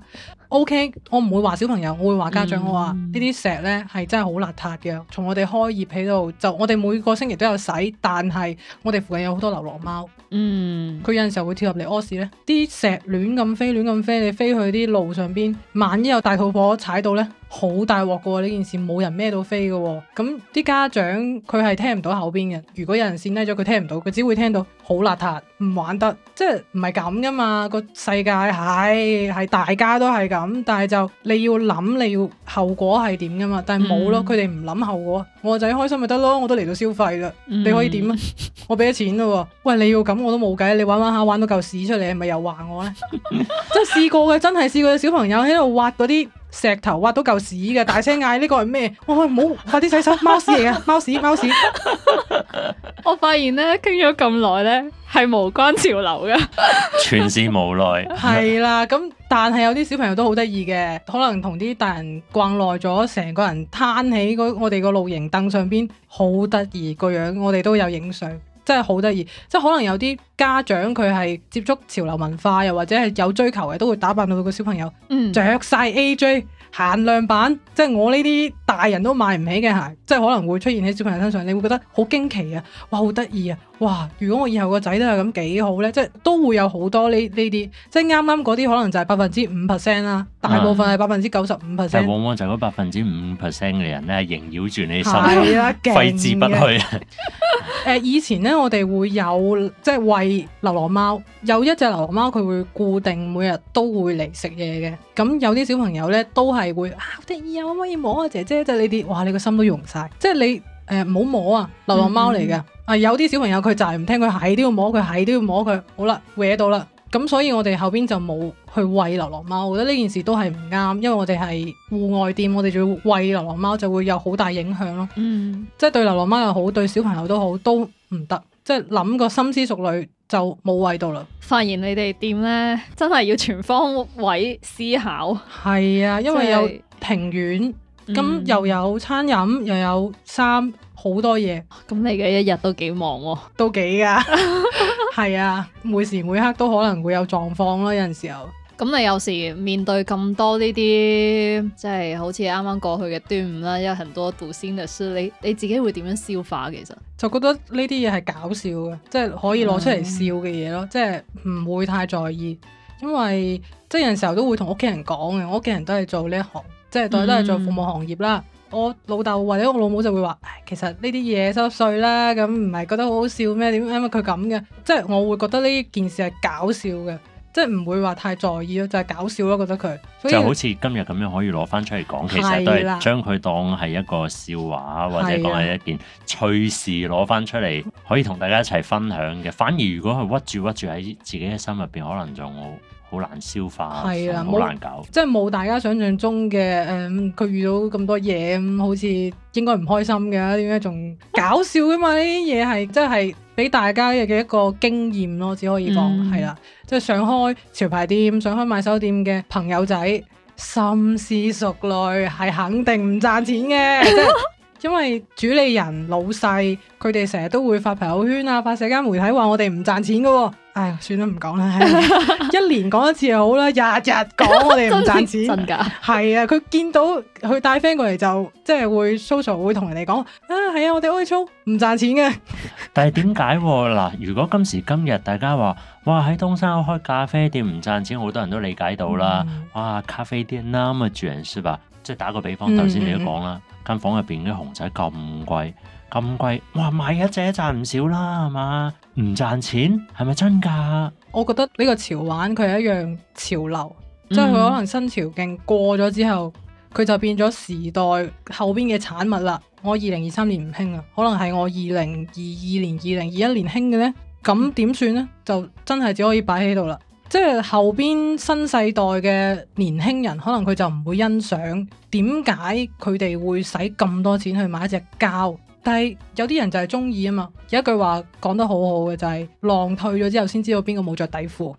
O.K. 我唔會話小朋友，我會話家長。嗯，我話呢啲石咧係真係好邋遢嘅。從我哋開業喺度，就我哋每個星期都有洗，但係我哋附近有好多流浪貓，嗯，佢有陣時候會跳入嚟屙屎咧。啲石亂咁飛，亂咁飛，你飛去啲路上邊，萬一有大肚婆踩到呢。好大鑊噶喎！呢、啊、件事冇人孭到飛噶喎，咁、嗯、啲家長佢係聽唔到後邊嘅。如果有人線低咗，佢聽唔到，佢只會聽到好邋遢，唔玩得，即係唔係咁噶嘛。這個世界係係、哎、大家都係咁，但係就你要諗你要後果係點噶嘛。但係冇咯，佢哋唔諗後果。我個仔開心咪得咯，我都嚟到消費啦，嗯、你可以點啊？ 我俾咗錢咯、啊，喂你要咁我都冇計，你玩玩下玩到嚿屎出嚟，咪又話我呢？即係試過嘅，真係試過。小朋友喺度挖嗰啲石頭挖到嚿屎嘅，大聲嗌，呢個係咩？我喂，唔、哦、好、哎、快啲洗手，貓屎嚟嘅，貓屎貓屎。貓屎 我發現呢，傾咗咁耐呢，係無關潮流嘅， 全是無奈。係 啦，咁但係有啲小朋友都好得意嘅，可能同啲大人逛耐咗，成個人攤喺我哋個露營凳上邊，好得意個樣，我哋都有影相。真係好得意，即係可能有啲家長佢係接觸潮流文化，又或者係有追求嘅，都會打扮到個小朋友着晒 AJ。嗯限量版，即係我呢啲大人都買唔起嘅鞋，即係可能會出現喺小朋友身上，你會覺得好驚奇啊！哇，好得意啊！哇，如果我以後個仔都係咁，幾好咧！即係都會有好多呢呢啲，即係啱啱嗰啲可能就係百分之五 percent 啦，大部分係百分之九十五 percent。就、嗯、往往就係嗰百分之五 percent 嘅人咧，縈繞住你心係啊，揮之不去。誒 以前咧，我哋會有即係餵流浪貓，有一隻流浪貓佢會固定每日都會嚟食嘢嘅，咁有啲小朋友咧都係。係會啊得意啊，可唔可以摸啊，姐姐就係呢啲，哇你個心都溶晒，即係你誒唔好、呃、摸啊，流浪貓嚟嘅，嗯、啊有啲小朋友佢就係唔聽佢係都要摸佢係都要摸佢，好啦搲到啦，咁所以我哋後邊就冇去喂流浪貓，我覺得呢件事都係唔啱，因為我哋係戶外店，我哋仲要喂流浪貓就會有好大影響咯，嗯，即係對流浪貓又好，對小朋友好都好都唔得，即係諗個心思熟慮女。就冇位道啦！發現你哋店呢？真係要全方位思考。係啊，因為有庭院，咁、就是嗯、又有餐飲，又有衫，好多嘢。咁、啊、你嘅一日都幾忙喎、啊？都幾挺噶？係 啊，每時每刻都可能會有狀況咯、啊，有陣時候。咁你有時面對咁多呢啲，即係好似啱啱過去嘅端午啦，有很多杜仙律師你你自己會點樣消化其實？就覺得呢啲嘢係搞笑嘅，即係可以攞出嚟笑嘅嘢咯，嗯、即係唔會太在意，因為即係有陣時候都會同屋企人講嘅，我屋企人都係做呢行，即係都係做服務行業啦。嗯、我老豆或者我老母就會話，唉，其實呢啲嘢濕碎啦，咁唔係覺得好好笑咩？點解佢咁嘅？即係我會覺得呢件事係搞笑嘅。即係唔會話太在意咯，就係搞笑咯，覺得佢就，就好似今日咁樣可以攞翻出嚟講，其實都係將佢當係一個笑話或者講係一件趣事攞翻出嚟，可以同大家一齊分享嘅。反而如果係屈住屈住喺自己嘅心入邊，可能仲好。好難消化，係啦的，好難搞，即係冇大家想象中嘅誒，佢、嗯、遇到咁多嘢咁，好似應該唔開心嘅，點解仲搞笑㗎嘛？呢啲嘢係即係俾大家嘅一個經驗咯，只可以講係啦。即係想開潮牌店、想開買手店嘅朋友仔，心思熟慮係肯定唔賺錢嘅， 因為主理人老細，佢哋成日都會發朋友圈啊，發社交媒體話我哋唔賺錢㗎喎、哦。唉，算啦，唔講啦。一年講一次又好啦，日日講我哋唔賺錢。係 啊，佢見到佢帶 friend 過嚟就即係會 social，會同人哋講啊，係啊，我哋 OHO 唔賺錢嘅。但係點解嗱？如果今時今日大家話哇，喺東山口開咖啡店唔賺錢，好多人都理解到啦。嗯、哇，咖啡店咁賺，係嘛，即係、就是、打個比方，頭先你都講啦，嗯、房間房入邊啲熊仔咁貴，咁貴，哇，買一隻賺唔少啦，係嘛？唔賺錢係咪真㗎？我覺得呢個潮玩佢係一樣潮流，嗯、即係佢可能新潮勁過咗之後，佢就變咗時代後邊嘅產物啦。我二零二三年唔興啦，可能係我二零二二年、二零二一年興嘅呢。咁點算呢？就真係只可以擺喺度啦。即係後邊新世代嘅年輕人，可能佢就唔會欣賞。點解佢哋會使咁多錢去買一隻膠？但係有啲人就係中意啊嘛，有一句話講得好好嘅就係、是、浪退咗之後先知道邊個冇着底褲，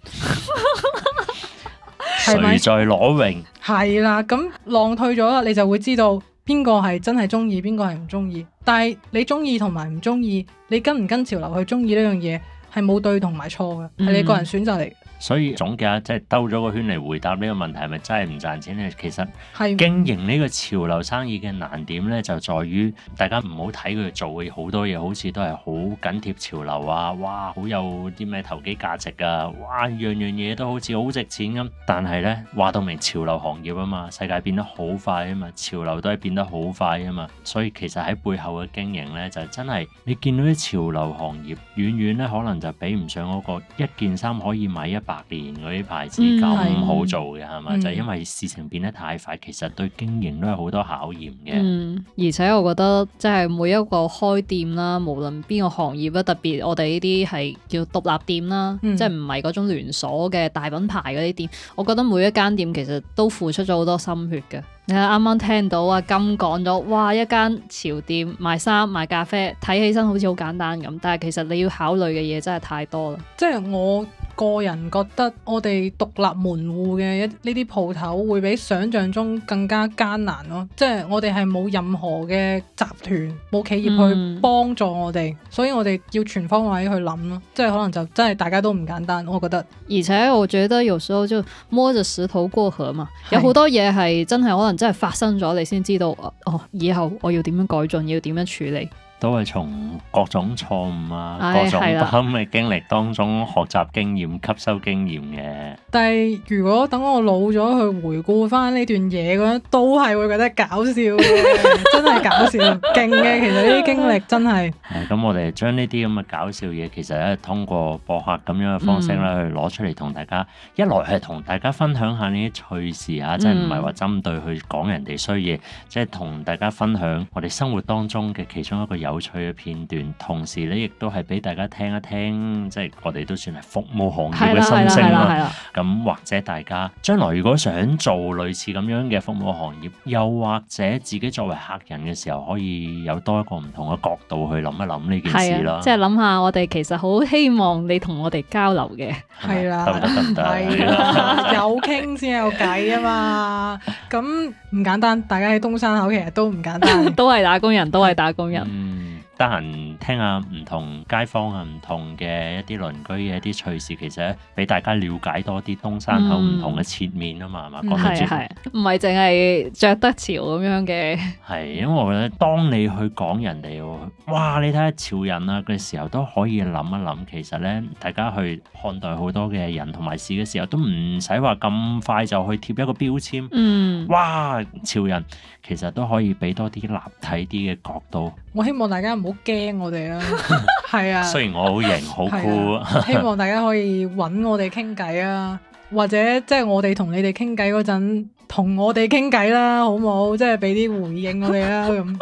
誰 吧，在裸泳？係啦，咁浪退咗啦，你就會知道邊個係真係中意，邊個係唔中意。但係你中意同埋唔中意，你跟唔跟潮流去中意呢樣嘢，係冇對同埋錯嘅，係你個人選擇嚟。所以總結下啊，即係兜咗個圈嚟回答呢個問題係咪真係唔賺錢咧？其實嗎經營呢個潮流生意嘅難點咧，就在於大家唔好睇佢做嘅好多嘢，好似都係好緊貼潮流啊！哇，好有啲咩投機價值啊！哇，樣樣嘢都好似好值錢咁。但係咧，話到明潮流行業啊嘛，世界變得好快啊嘛，潮流都係變得好快啊嘛。所以其實喺背後嘅經營咧，就真係你見到啲潮流行業，遠遠咧可能就比唔上嗰個一件衫可以賣一百年嗰啲牌子咁好做嘅係咪？就係因為事情變得太快，其實對經營都有好多考驗嘅。嗯，而且我覺得即係每一個開店啦，無論邊個行業啦，特別我哋呢啲係叫獨立店啦，嗯、即係唔係嗰種連鎖嘅大品牌嗰啲店，我覺得每一間店其實都付出咗好多心血嘅。你啱啱聽到阿金講咗，哇！一間潮店賣衫賣咖啡，睇起身好似好簡單咁，但係其實你要考慮嘅嘢真係太多啦。即係我個人覺得，我哋獨立門戶嘅一呢啲鋪頭會比想象中更加艱難咯。即係我哋係冇任何嘅集團，冇企業去幫助我哋，嗯、所以我哋要全方位去諗咯。即係可能就真係大家都唔簡單，我覺得。而且我覺得有時候就摸着石頭過河嘛，是有好多嘢係真係可能。真係發生咗，你先知道哦。以後我要點樣改進，要點樣處理。都係從各種錯誤啊、各種不堪嘅經歷當中學習經驗、吸收經驗嘅。但係如果等我老咗去回顧翻呢段嘢，咁樣都係會覺得搞笑， 真係搞笑，勁嘅。 其實呢啲經歷真係。咁、哎、我哋將呢啲咁嘅搞笑嘢，其實咧通過播客咁樣嘅方式咧去攞出嚟同大家，嗯、一來係同大家分享下呢啲趣事啊、嗯，即係唔係話針對去講人哋衰嘢，即係同大家分享我哋生活當中嘅其中一個有有趣嘅片段，同時咧亦都係俾大家聽一聽，即係我哋都算係服務行業嘅新星啦。咁或者大家將來如果想做類似咁樣嘅服務行業，又或者自己作為客人嘅時候，可以有多一個唔同嘅角度去諗一諗呢件事咯，即係諗下，我哋其實好希望你同我哋交流嘅，係啦，得得，啦， 有傾先有計啊嘛。咁唔簡單，大家喺東山口其實都唔簡單， 都係打工人，都係打工人。得閒聽下唔同街坊啊、唔同嘅一啲鄰居嘅一啲趣事，其實咧俾大家了解多啲東山口唔同嘅切面啊嘛，係嘛、嗯？講得住，係係，唔係淨係着得潮咁樣嘅。係，因為我覺得當你去講人哋，哇！你睇下潮人啦嘅時候，都可以諗一諗，其實咧大家去看待好多嘅人同埋事嘅時候，都唔使話咁快就去貼一個標籤。嗯。哇！潮人其實都可以俾多啲立體啲嘅角度。我希望大家。好驚我哋啦，係啊！雖然我好型好酷、 啊，希望大家可以揾我哋傾偈啊， 或者即係、即係、我哋同你哋傾偈嗰陣，同我哋傾偈啦，好唔好？即係俾啲回應我哋啦咁。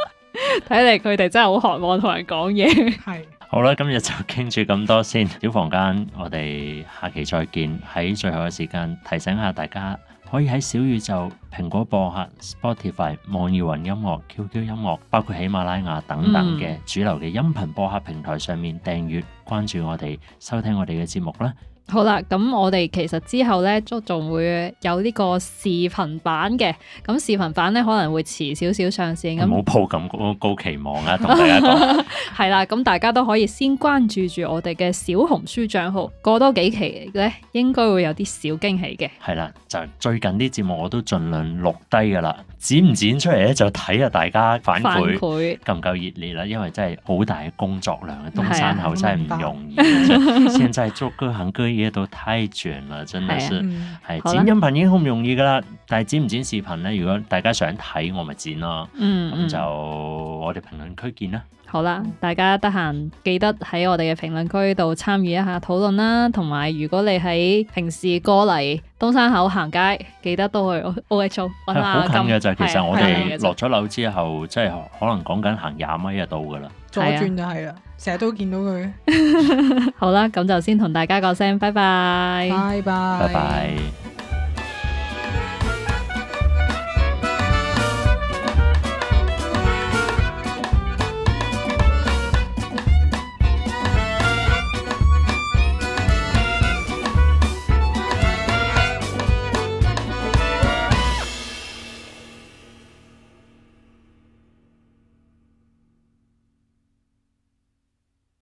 睇嚟佢哋真係好渴望同人講嘢 是。係，好啦，今日就傾住咁多先。小房間，我哋下期再見。喺最後嘅時間，提醒下大家。可以喺小宇宙、蘋果播客、Spotify、網易雲音樂、QQ 音樂，包括喜馬拉雅等等嘅主流嘅音頻播客平台上面訂閱、關注我哋，收聽我哋嘅節目啦。好啦，咁我哋其實之後咧都仲會有呢個視頻版嘅，咁視頻版咧可能會遲少少上線。唔好抱咁高期望啊，同 大家。係啦， 咁大家都可以先關注住我哋嘅小紅書帳號，過多幾期咧應該會有啲小驚喜嘅。係啦，就最近啲節目我都盡量錄低㗎啦。剪唔剪出嚟咧，就睇下大家反饋悔夠唔夠熱烈啦。因為真係好大嘅工作量，東山口真係唔容易。而家真係做各行各業都太卷啦，真的是。係、啊嗯、是剪音頻已經好唔容易噶啦，嗯、但係剪唔剪視頻咧？如果大家想睇，我咪剪咯。咁、嗯嗯、就我哋評論區見啦。好啦，大家得閒記得喺我哋嘅評論區度參與一下討論啦，同埋如果你喺平時過嚟東山口行街，記得都去 O H O 搵下金。係好近嘅就係，其實我哋落咗樓之後，即係對的可能講緊行廿米就到噶啦，左轉就係啦，成日的都見到佢。 好啦，咁就先同大家講聲，拜拜，拜拜 bye，拜拜。